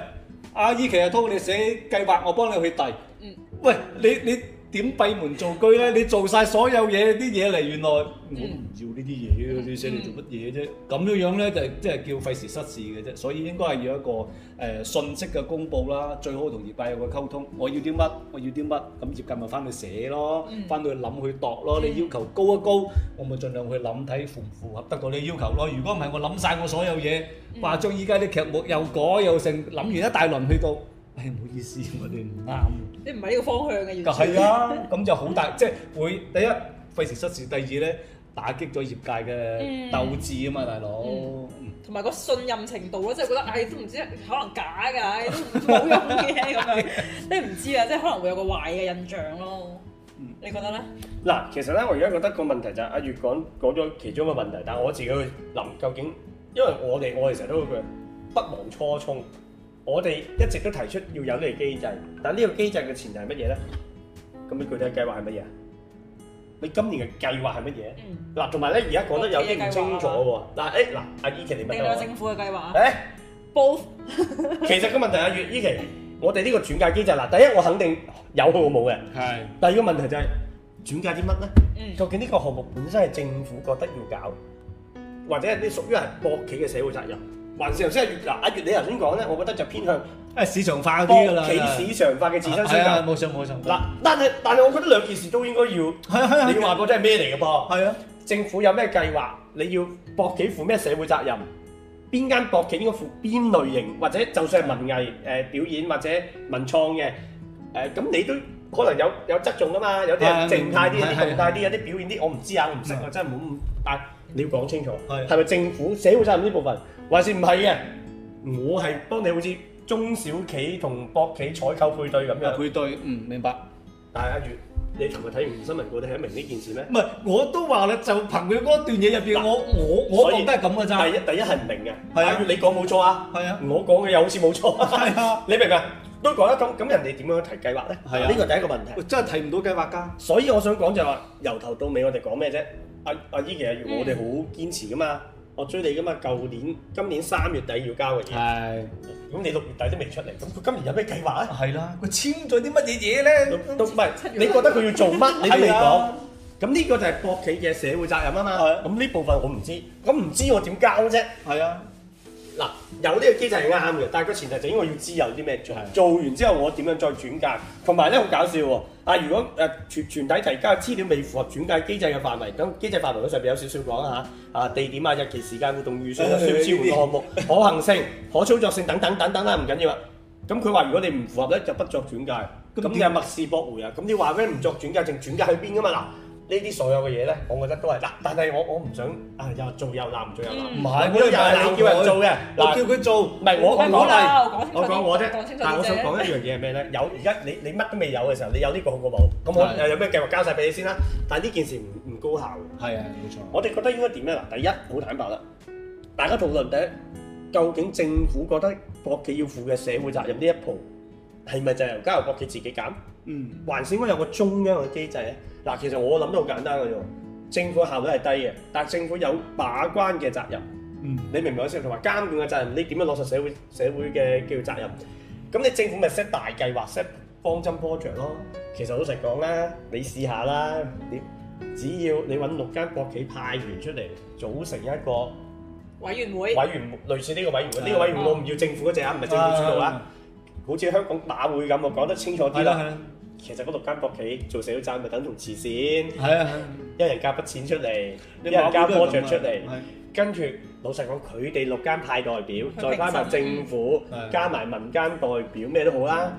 阿姨其實拖你寫計劃，我幫你去遞。嗯，喂，你你。點閉門造車咧？你做曬所有嘢啲嘢嚟，原來我唔要呢啲嘢嘅，你寫嚟做乜嘢啫？咁樣樣咧就即係叫費時失事嘅啫。所以應該係要一個誒信息嘅公佈啦，最好同業界有個溝通。我要啲乜？我要啲乜？咁業界咪翻去寫咯，翻去諗去度咯。你要求高一高，我咪盡量去諗睇符唔符合得你啲要求咯。如果唔係，我諗曬我所有嘢，話將依家啲劇目又改又成，諗完一大輪去到。係唔、哎、好意思、啊，我哋唔啱。你唔係呢個方向嘅，要係啊，咁、啊、 就好大，即係會第一費事失事，第二咧打擊咗業界嘅鬥志啊嘛，大佬。同埋、嗯嗯、個信任程度咧，即係覺得唉、哎，都唔知可能假㗎，都冇用嘅咁。 你唔知啊，即係可能會有個壞嘅印象咯。嗯、你覺得咧？嗱，其實咧，我而家覺得個問題就係阿月講講咗其中嘅問題，但我自己去諗究竟，因為我哋我哋成日都會講不忘初衷。我哋一直都提出要有呢個機制，但呢個機制嘅前提係乜嘢咧？咁你具體計劃係乜嘢啊？你今年嘅計劃係乜嘢？嗱、嗯，同埋咧，而家講得有啲唔清楚喎。嗱，誒、啊，嗱、哎，阿依琪你乜嘢？政府嘅計劃。誒、哎、，both。 其實個問題阿月依琪，我哋呢個轉介機制，嗱，第一我肯定有好冇嘅，係是。第二個問題就係、是、轉介啲乜咧？究竟呢個項目本身係政府覺得要搞，或者係啲屬於係博企嘅社會責任？還是頭先阿粵嗱阿粵，你頭先講咧，我覺得就偏向誒市場化啲噶啦，博企市場化嘅自身需求。冇錯冇錯。嗱，但係但係，我覺得兩件事都應該要。係啊係啊。你話嗰啲係咩嚟嘅噃？係啊。政府有咩計劃？你要博企負咩社會責任？邊間博企應該負邊類型？或者就算係文藝誒表演或者文創嘅誒，咁你都可能有有側重噶嘛？有啲係靜態啲，有啲動態啲，有啲表演啲，我唔知啊，唔識啊，真係冇咁大。你要講清楚，係係咪政府社會責任呢部分，還是唔係嘅？我係幫你好似中小企同博企採購配對咁樣配對，嗯，明白。但係阿月，你琴日睇完新聞，你睇得明呢件事咩？唔係，我都話啦，就憑佢嗰段嘢入邊，我我我覺得係咁嘅咋。第一第一係唔明嘅。係阿月。你講冇錯啊。係啊。我講嘅又好似冇錯。係啊。你明啊？都講得咁，咁人哋點樣去提計劃咧？係啊。呢個第一個問題，真係提唔到計劃㗎。所以我想講就係話，由頭到尾我哋講咩啫？阿姨，其實我哋好堅持噶嘛，嗯、我追你噶嘛，舊年、今年三月底要交嘅嘢，咁的你六月底都未出嚟，咁佢今年有咩計劃咧？係啦的，佢簽咗啲乜嘢嘢咧？都唔係，你覺得佢要做乜？ 你都未講，咁呢 個就係博企嘅社會責任啊嘛。咁呢的部分我唔知，咁唔知我點交啫？係啊。嗱，有呢個機制係啱嘅，但係個前提就應該要知有啲咩做。做完之後我點樣再轉介？同埋咧，好搞笑喎，啊如果誒、啊、全全體提交資料未符合轉介機制嘅範圍，咁機制範圍嗰上邊有少少講下，啊地點啊日期時間活動預算啊需要支援項目、哎、呀可行性 可操作性等等等等啦，唔緊要啊。咁佢話如果你唔符合咧就不作轉介，咁、嗯、你係默示駁回啊？咁你話咩唔作轉介，仲轉介去邊㗎嘛嗱？呢啲所有嘅嘢咧，我覺得都係嗱，但係我我唔想啊又做又鬧，唔做又鬧。唔係，呢個又係你叫人做嘅，嗱叫佢做，唔係我唔可能。我講我聽，但係我想講一樣嘢係咩咧？有而家你你乜都未有嘅時候，你有呢個好過冇。咁我誒有咩計劃交晒俾你先啦。但係呢件事唔唔高效㗎。係啊，冇錯。我哋覺得應該點咧？嗱，第一好坦白啦，大家討論第一，究竟政府覺得國企要負嘅社會責任呢一鋪，係咪就由交由國企自己揀？嗯。還是應該有個中央嘅機制咧？嗱，其實我諗都好簡單嘅啫，政府效率係低嘅，但係政府有把關嘅責任，嗯，你明唔明白先？同埋監管嘅責任，你點樣落實社會社會嘅叫責任？咁你政府咪 set 大計劃，set 方針 project 咯。其實老實講咧，你試下啦，點？只要你揾六間國企派員出嚟，組成一個委員會，委員類似呢個委員會，呢、啊、個委員會我唔要政府嗰隻啊，唔係政府主導啊，啊好似香港馬會咁，我講得清楚啲啦。啊啊啊啊啊其實嗰六間博企做社會責任，咪等同慈善。係啊，一人夾筆錢出嚟，一人夾波著出嚟。跟住老實講，佢哋六間派代表，再加埋政府，加埋民間代表，咩都好啦。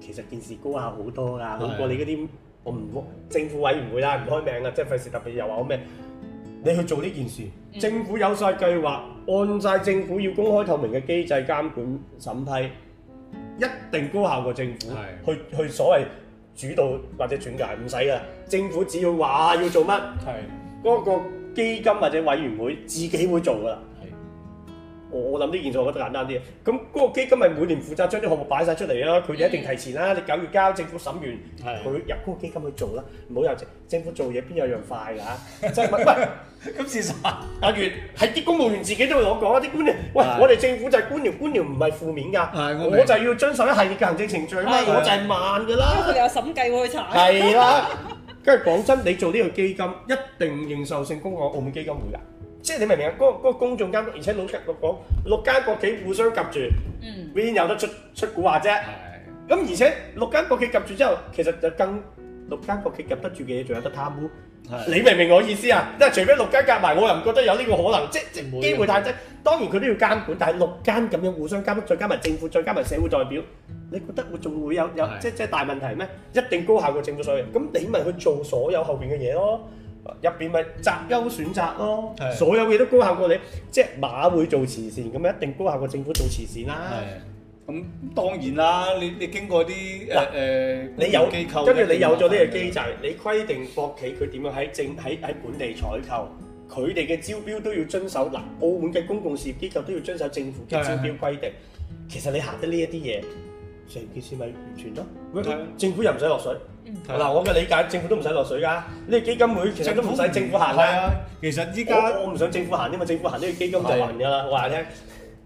其實件事高效好多㗎，好過你嗰啲我唔政府委員會啦，唔開名啊，即係費事特別又話我咩？你去做呢件事，政府有曬計劃，按曬政府要公開透明嘅機制監管審批，一定高效過政府去去所謂。主導或者轉介唔使㗎，政府只要話要做乜，係嗰的個基金或者委員會自己會做㗎喇。我我諗呢件事我覺得簡單啲，咁嗰個基金咪每年負責將啲項目擺曬出嚟咯，佢哋一定提前啦，你九月交，政府審完，佢入嗰個基金去做啦，唔好由政政府做嘢，邊有樣快㗎？即係唔係？咁事實阿月係啲公務員自己都會咁講啊，啲官員喂，我哋政府就係官僚官僚，唔係負面㗎，我就要遵守一系列嘅行政程序啊嘛，我就係慢㗎啦。咁佢哋有審計會去查。係啦，跟住講真，你做呢個基金一定認受性公開澳門基金會㗎。即係你明唔明啊？嗰個公眾監督，而且老實講，六間國企互相夾住、嗯嗯，邊有得出出古話啫、嗯？咁而且六間國企夾住之後，其實就更六間國企夾得住嘅嘢，仲有得貪污。嗯、你明唔明我意思啊？即係、嗯、除非六間夾埋，我又唔覺得有呢個可能。不會 即係機會太低、嗯。當然佢都要監管。但係六間咁樣互相監督，再加埋政府，再加埋社會代表，你覺得會仲會有、嗯、有即係即係大問題咩？一定高效過政府所嘅、嗯。咁你咪去做所有後邊嘅嘢咯。入邊咪擇優選擇咯，的所有嘢都高效過你，即係馬會做慈善咁，一定高效過政府做慈善啦、啊。咁當然啦，你你經過啲誒誒，你有、呃呃、機,機構，跟住你有咗呢個機制，的你規定國企佢點樣喺政喺喺本地採購，佢哋嘅招標都要遵守。嗱、呃，澳門嘅公共事業機構都要遵守政府嘅招標規定。的的其實你行得呢一啲嘢，成件事咪完全咯的？政府又唔使落水。嗱， 我嘅理解政府都唔使落水噶，呢個基金會其實都唔使政府行啦、嗯。其實依家我唔想政府行，因為政府行呢個基金就行噶啦。話你聽，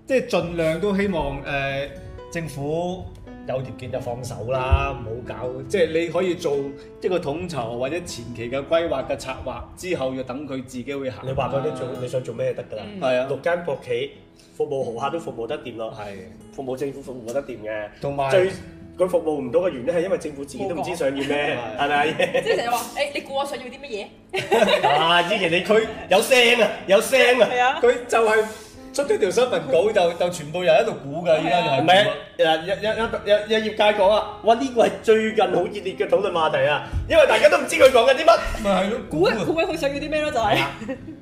即、就、係、是、盡量都希望誒、呃、政府有條件就放手啦，唔好、嗯、搞。即係、嗯、你可以做一係個統籌或者前期嘅規劃嘅策劃，之後要等佢自己會行。你話佢都做，你想做咩得㗎啦？係啊的，的六間國企服務豪客都服務得掂咯。係服務政府服務得掂嘅。同埋有。最佢服務唔到嘅原因係因為政府自己都唔知想要咩，係咪沒個？即係成日話，誒你估我想要啲乜嘢？啊，依人哋佢有聲啊，有聲啊，佢、啊、就係出咗條新聞稿就，就他就全部人喺度估㗎，而家就係咩？有有有有業界講啊，哇！呢個係最近好熱烈嘅討論話題啊，因為大家都唔知佢講緊啲乜。咪係咯，估下估下佢想要啲咩咯，就係、是。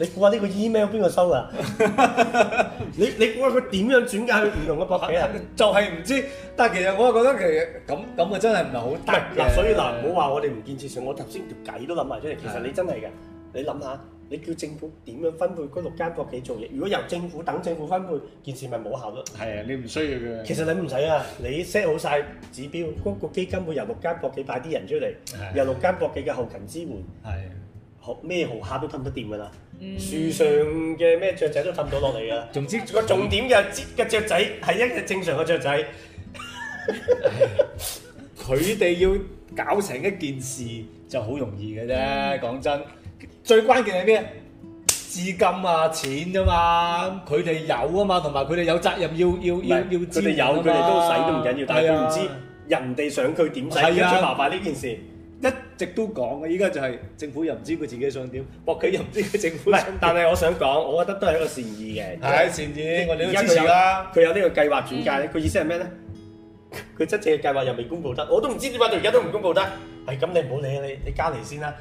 你估下呢個 email 邊個收啊？ 你你估下佢點樣轉介去唔同嘅博企？ 就係唔知。但係其實我又覺得其實咁咁嘅真係唔係好得嘅。嗱，所以嗱唔好話我哋唔建設上，的我頭先條計都諗埋出嚟。其實你真係嘅，你諗下，你叫政府點樣分配嗰六間博企做嘢？如果由政府等政府分配，件事咪冇效咯？係啊，你唔需要嘅。其實你唔使啊，你 set 好晒指標，嗰個基金會由六間博企派啲人出嚟，的由六間博企嘅後勤支援，係咩豪客都氹得掂㗎啦。嗯、樹上嘅咩雀仔都冚到落嚟㗎。總之個重點嘅隻嘅雀仔係一隻正常嘅雀仔。佢 哋要搞成一件事就好容易嘅啫，講真。最關鍵係咩？資金啊，錢啫、啊、嘛，佢哋有啊嘛，同埋佢哋有責任要要是要要知、啊。你有，佢哋都使都唔緊要，但係佢唔知人哋想佢點使，最、啊、麻煩呢件事。一直都講嘅，依家就係政府又唔知佢自己想點，博企又唔知佢政府想。唔 但係我想講，我覺得都係一個善意嘅。係、 哎、善意，在我哋都知啦。佢有呢 個計劃轉介咧，佢、嗯、意思係咩咧？佢真正嘅計劃又未公佈得，我都唔知點解到而家都唔公佈得。係咁， 你唔好理啊，你你加嚟先啦，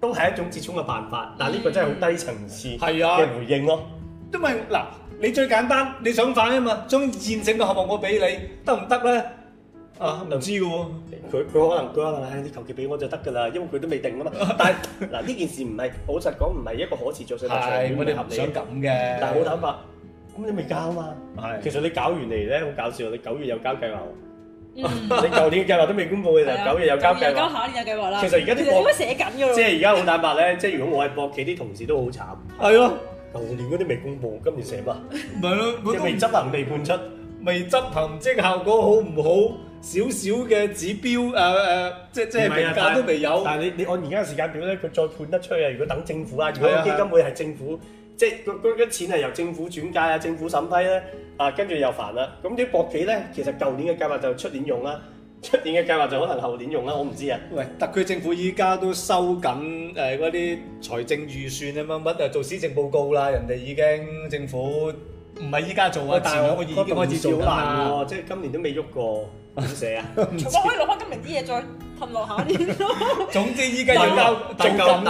都係一種折衷嘅辦法。嗱，呢個真係好低層次、嗯、啊，嘅回應咯。因為嗱，你最簡單，你想反啊嘛，將完整嘅項目我俾你，得唔得咧？啊，唔知嘅喎，佢佢可能佢話啊，你求其俾我就得嘅啦，因為佢都未定啊嘛。但係嗱，呢件事唔係，老實講唔係一個可持續性嚟嘅，冇乜啲合理咁嘅。但係好坦白，咁你未交啊嘛？係。其實你搞完嚟咧，好搞笑，你九月有交計劃，你舊年嘅計劃都未公布嘅，就九月有交計劃，交下年有計劃啦。其實而家啲博寫緊嘅咯。即係而家好坦白咧，即係如果我係博企啲同事都好慘。係咯，舊年嗰啲未公布，今年寫嘛？係咯，即係未執行未判出，未執行即係效果好唔好？少少嘅指標，誒、呃、誒，即即評價都未有。啊、但係你你按而家嘅時間表咧，佢再判得出啊！如果等政府啊，如果基金會係政府，啊、即嗰嗰啲錢係由政府轉介啊，政府審批咧，啊跟住又煩啦。咁啲博企咧，其實舊年嘅計劃就出年用啦，出年嘅計劃就可能後年用啦，嗯、我唔知啊。喂，特區政府依家都收緊誒嗰啲財政預算啊乜乜啊，做施政報告啦，人哋已經政府唔係依家做啊，但係我，錢我已經開始做好嘛、嗯，即係今年都未喐過。點寫啊？我可以攞翻今年啲嘢再氹落下，下年？ 總之依家要舊大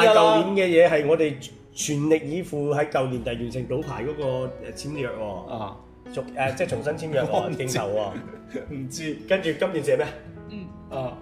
舊年嘅嘢係我哋全力以赴喺舊年底完成賭牌嗰個誒簽約喎。啊，重誒、啊、即係重新簽約喎鏡頭喎。唔知跟住 今年寫咩？嗯啊，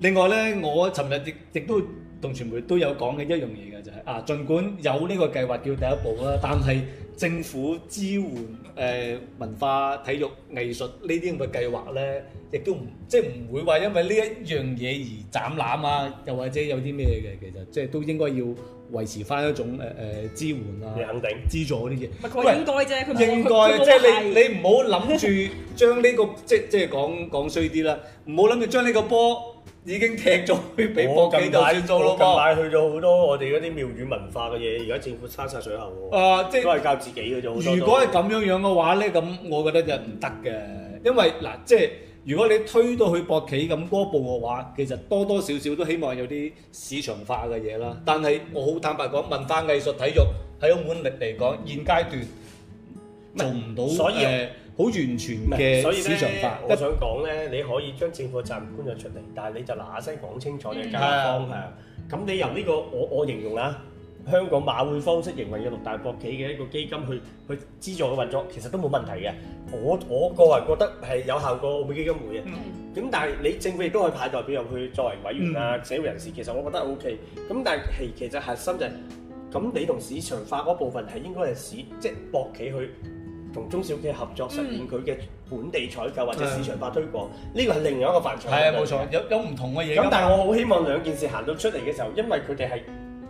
另外咧，我尋日亦亦都。同傳媒都有講嘅一樣嘢嘅就係啊，儘管有呢個計劃叫第一步啦，但係政府支援誒、呃、文化、體育、藝術呢啲咁嘅計劃咧，亦都唔即係唔會話因為呢一樣嘢而斬攬啊，又或者有啲咩嘅其實即係、就是、都應該要維持返一種誒誒、呃、支援啦、啊，你肯定資助嗰啲嘢，唔係應該啫，為應該即係該你你唔好諗住將呢、這個即即係講講衰啲啦，唔好諗住將呢個波。已經踢咗去俾博企就算做咯，近來去咗好多我哋嗰啲廟宇文化嘅嘢，而家政府刷晒水喉喎，啊、即都係靠自己嘅啫。如果係咁樣樣嘅話咧，咁我覺得就唔得嘅，因為嗱，即係如果你推到去博企咁大步嘅話，其實多多少少都希望有啲市場化嘅嘢啦。但係我好坦白講，文化藝術體育喺澳門嚟講，現階段，做唔到，所以好完全嘅市場化。我想講咧，你可以將政府嘅責任搬咗出嚟，但係你就嗱嗱聲講清楚你嘅方向。咁你由呢個我我形容啊，香港馬會方式營運嘅六大博企嘅一個基金去去資助嘅運作，其實都冇問題嘅。我我個人覺得係有效過澳門基金會嘅。咁但係你政府亦都可以派代表入去作為委員啊，社會人士其實我覺得 O K。咁但係其其實核心就係，咁你同市場化嗰部分係應該係市即係博企去同中小企合作，實現佢嘅本地採購或者市場化推廣，呢、嗯、個係另一個範疇。係啊、嗯，冇錯，有有唔同嘅嘢。咁但係我好希望兩件事行到出嚟嘅時候，因為佢哋係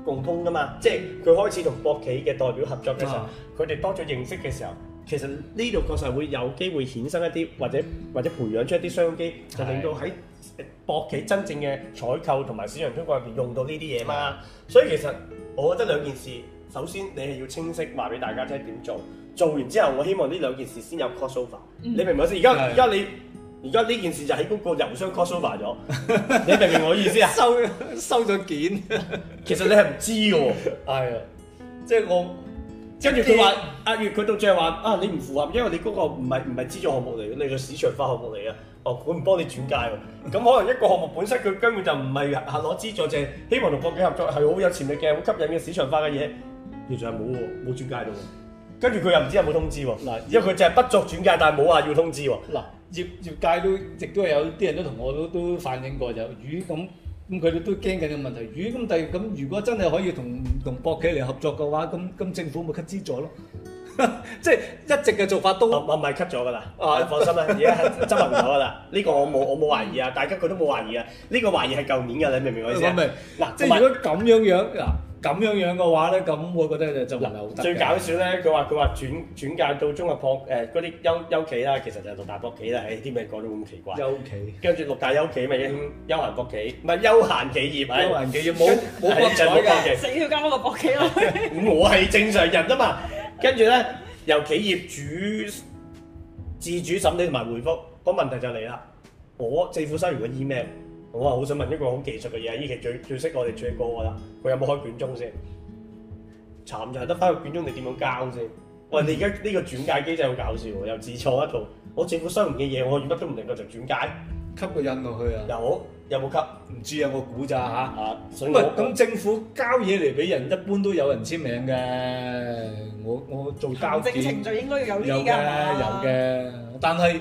共通噶嘛，即係佢開始同博企嘅代表合作嘅時候，佢哋、嗯、多咗認識嘅時候，其實呢度確實會有機會衍生一啲或者或者培養出一啲商機，嗯、就令到喺博企真正嘅採購同埋市場推廣入邊用到呢啲嘢嘛。嗯、所以其實我覺得兩件事，首先你係要清晰話俾大家聽點做。做完之後，我希望呢兩件事先有 crossover 你明唔明先？而家而家你而家呢件事就喺嗰個郵箱 crossover 咗，你明唔明我意思啊？收收咗件， 其實你係唔知嘅喎。係啊， 即係我跟住佢話，阿月佢到最後話：啊，你唔符合，因為你嗰個唔係唔係資助項目嚟嘅，你係市場化項目嚟嘅。哦，佢唔幫你轉介喎。咁可能一個項目本身佢根本就唔係攞資助啫， 希望同博企合作係好有潛力嘅、好吸引嘅市場化嘅嘢，其實係冇喎，冇轉介到。 跟住佢又唔知有冇通知喎，嗱，因為佢就係不作轉介，但係冇話要通知喎。嗱，業業界都亦都有啲人都同我都都反映過就魚咁，咁佢哋都驚緊嘅問題，魚咁但咁如果真係可以同同博企嚟合作嘅話，咁咁政府咪 cut 資助咯？嗯、 即係一直嘅做法都唔唔係 cut 咗㗎啦，啊、放心啦，而家係執埋咗㗎啦，呢、 這個我冇我冇懷疑啊，大家佢都冇懷疑啊，呢、這個懷疑係舊年㗎，你明唔明我意思啊？嗱、嗯，即係如果咁樣樣嗱。嗯咁樣樣嘅話咧，咁我覺得就最搞笑咧。佢話佢話轉轉介到中國博誒嗰啲休休企啦，其實就係六大博企啦。誒啲咩講到咁奇怪？休企，跟住六大休企咪先，休閒博企，唔係休閒企業，休閒企業冇冇博企㗎，死要加翻個博企落去。我係正常人吖嘛。跟住咧，由企業主自主審理同埋回覆個問題就嚟啦。我政府收入嘅 email。我話好想問一個好技術嘅嘢，依期最最識我哋最高我啦，佢有冇開卷宗先？慘就係得返個卷宗，你點樣交先？喂，你而家呢個轉介機制好搞笑喎，又自創一套。我政府收唔嘅嘢，我連乜都唔能夠佢就轉介。吸個印落去啊！有冇？有冇吸？唔知、嗯、啊，我估咋吓。啊！唔係，咁政府交嘢嚟俾人，一般都有人簽名嘅。我我做交證程序應該有呢家嘛？有嘅，有嘅，啊、但係。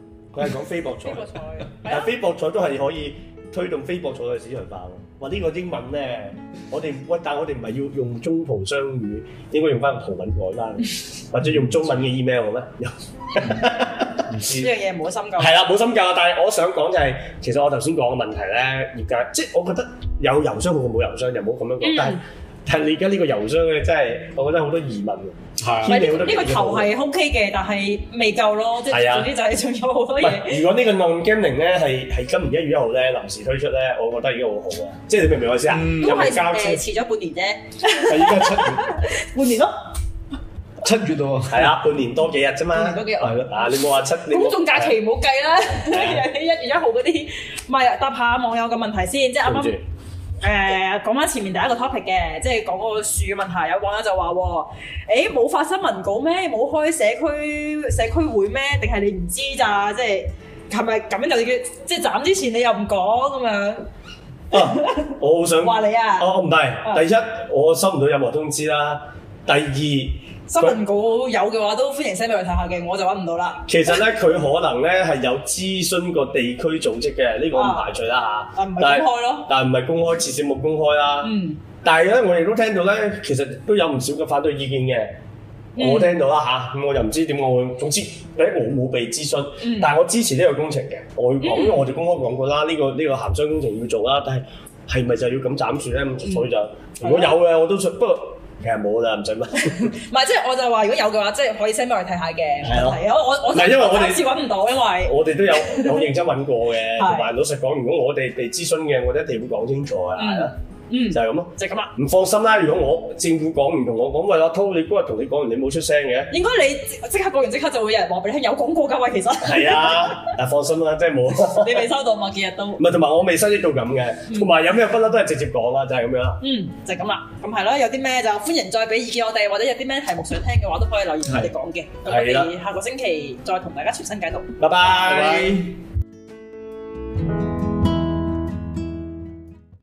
佢係講非博彩，但係非博彩都係可以推動非博彩嘅市場化喎。話呢個英文咧，我哋喂，但係我哋唔係要用中葡雙語，應該用翻葡文改翻，或者用中文嘅 email 嘅咩？又唔知，呢樣嘢冇深究，係啦，冇深究。但係我想講就係，其實我頭先講嘅問題咧，而家即係我覺得有郵箱佢冇郵箱又唔好咁樣講，但係。但係你而家呢個郵箱咧，真係我覺得好多疑問㗎。係，呢個頭係 OK 嘅，但係未夠咯。係啊，啲就係仲有好多嘢。如果呢個 non gaming 咧係係今年一月一號咧臨時推出咧，我覺得已經好好啊。即係你明唔明我意思啊？因為誒遲咗半年啫，係依家七月，半年咯，七月喎。係啊，半年多幾日啫嘛，多幾日係咯。啊，你冇話七，年？公眾假期唔好計啦。計啊！一月一號嗰啲，唔係答下網友嘅問題先，即係啱啱。誒講翻前面第一個 topic 嘅，即係講嗰個樹問題。有網友就話：誒、欸、冇發新聞稿咩？冇開社區社區會咩？定係你唔知咋？即係係咪咁樣就叫即係斬之前你又唔講咁樣？啊，我好想話 你啊！哦、啊，唔係，第一我收唔到任何通知啦。第二。新聞稿有嘅話都歡迎 send 俾我睇下嘅，我就揾唔到啦。其實咧，佢 可能咧係有諮詢個地區組織嘅，呢、這個唔排除啦吓。但係唔係公開咯？但係唔係公開，至少冇公開啦。嗯。但係咧，我亦都聽到咧，其實都有唔少嘅反對意見嘅。我聽到啦吓，咁、啊嗯嗯、我又唔知點解會。總之，誒，我冇被諮詢，但係我支持呢個工程嘅。我，因為我哋公開講過啦，呢、這個呢、這個鹹商工程要做啦，但係係咪就要咁斬樹咧？咁所以就、嗯、如果有嘅，我都想。對吧 不過。其實冇啦，唔使問 。唔係，即係我就話、是，如果有嘅話，即、就、係、是、可以 send 俾我睇下嘅。係咯的，我我我唔係因為我哋先揾唔到，因為我哋都有好認真揾過嘅。同埋 老實講，如果我哋被諮詢嘅，我哋，一定會講清楚啊。的嗯，就係咁咯，就係咁啦。唔放心啦，如果我政府講唔同我講，喂阿滔、啊，你嗰日同你講完，你冇出聲嘅。應該你即刻講完，即刻就會有人話俾你聽，有廣告噶喂，其實係啊， 但放心啦，即係冇。 你未收到嘛？幾日都唔係同埋我未收益到咁嘅，同埋、嗯、有咩分啦都係直接講啦，就係、是、咁樣啦。嗯，就係咁啦。咁係咯，有啲咩就歡迎再俾意見我哋，或者有啲咩題目想聽嘅話，都可以留言是的同我哋講嘅。係啦，下個星期再同大家傳新解毒。拜拜。拜拜。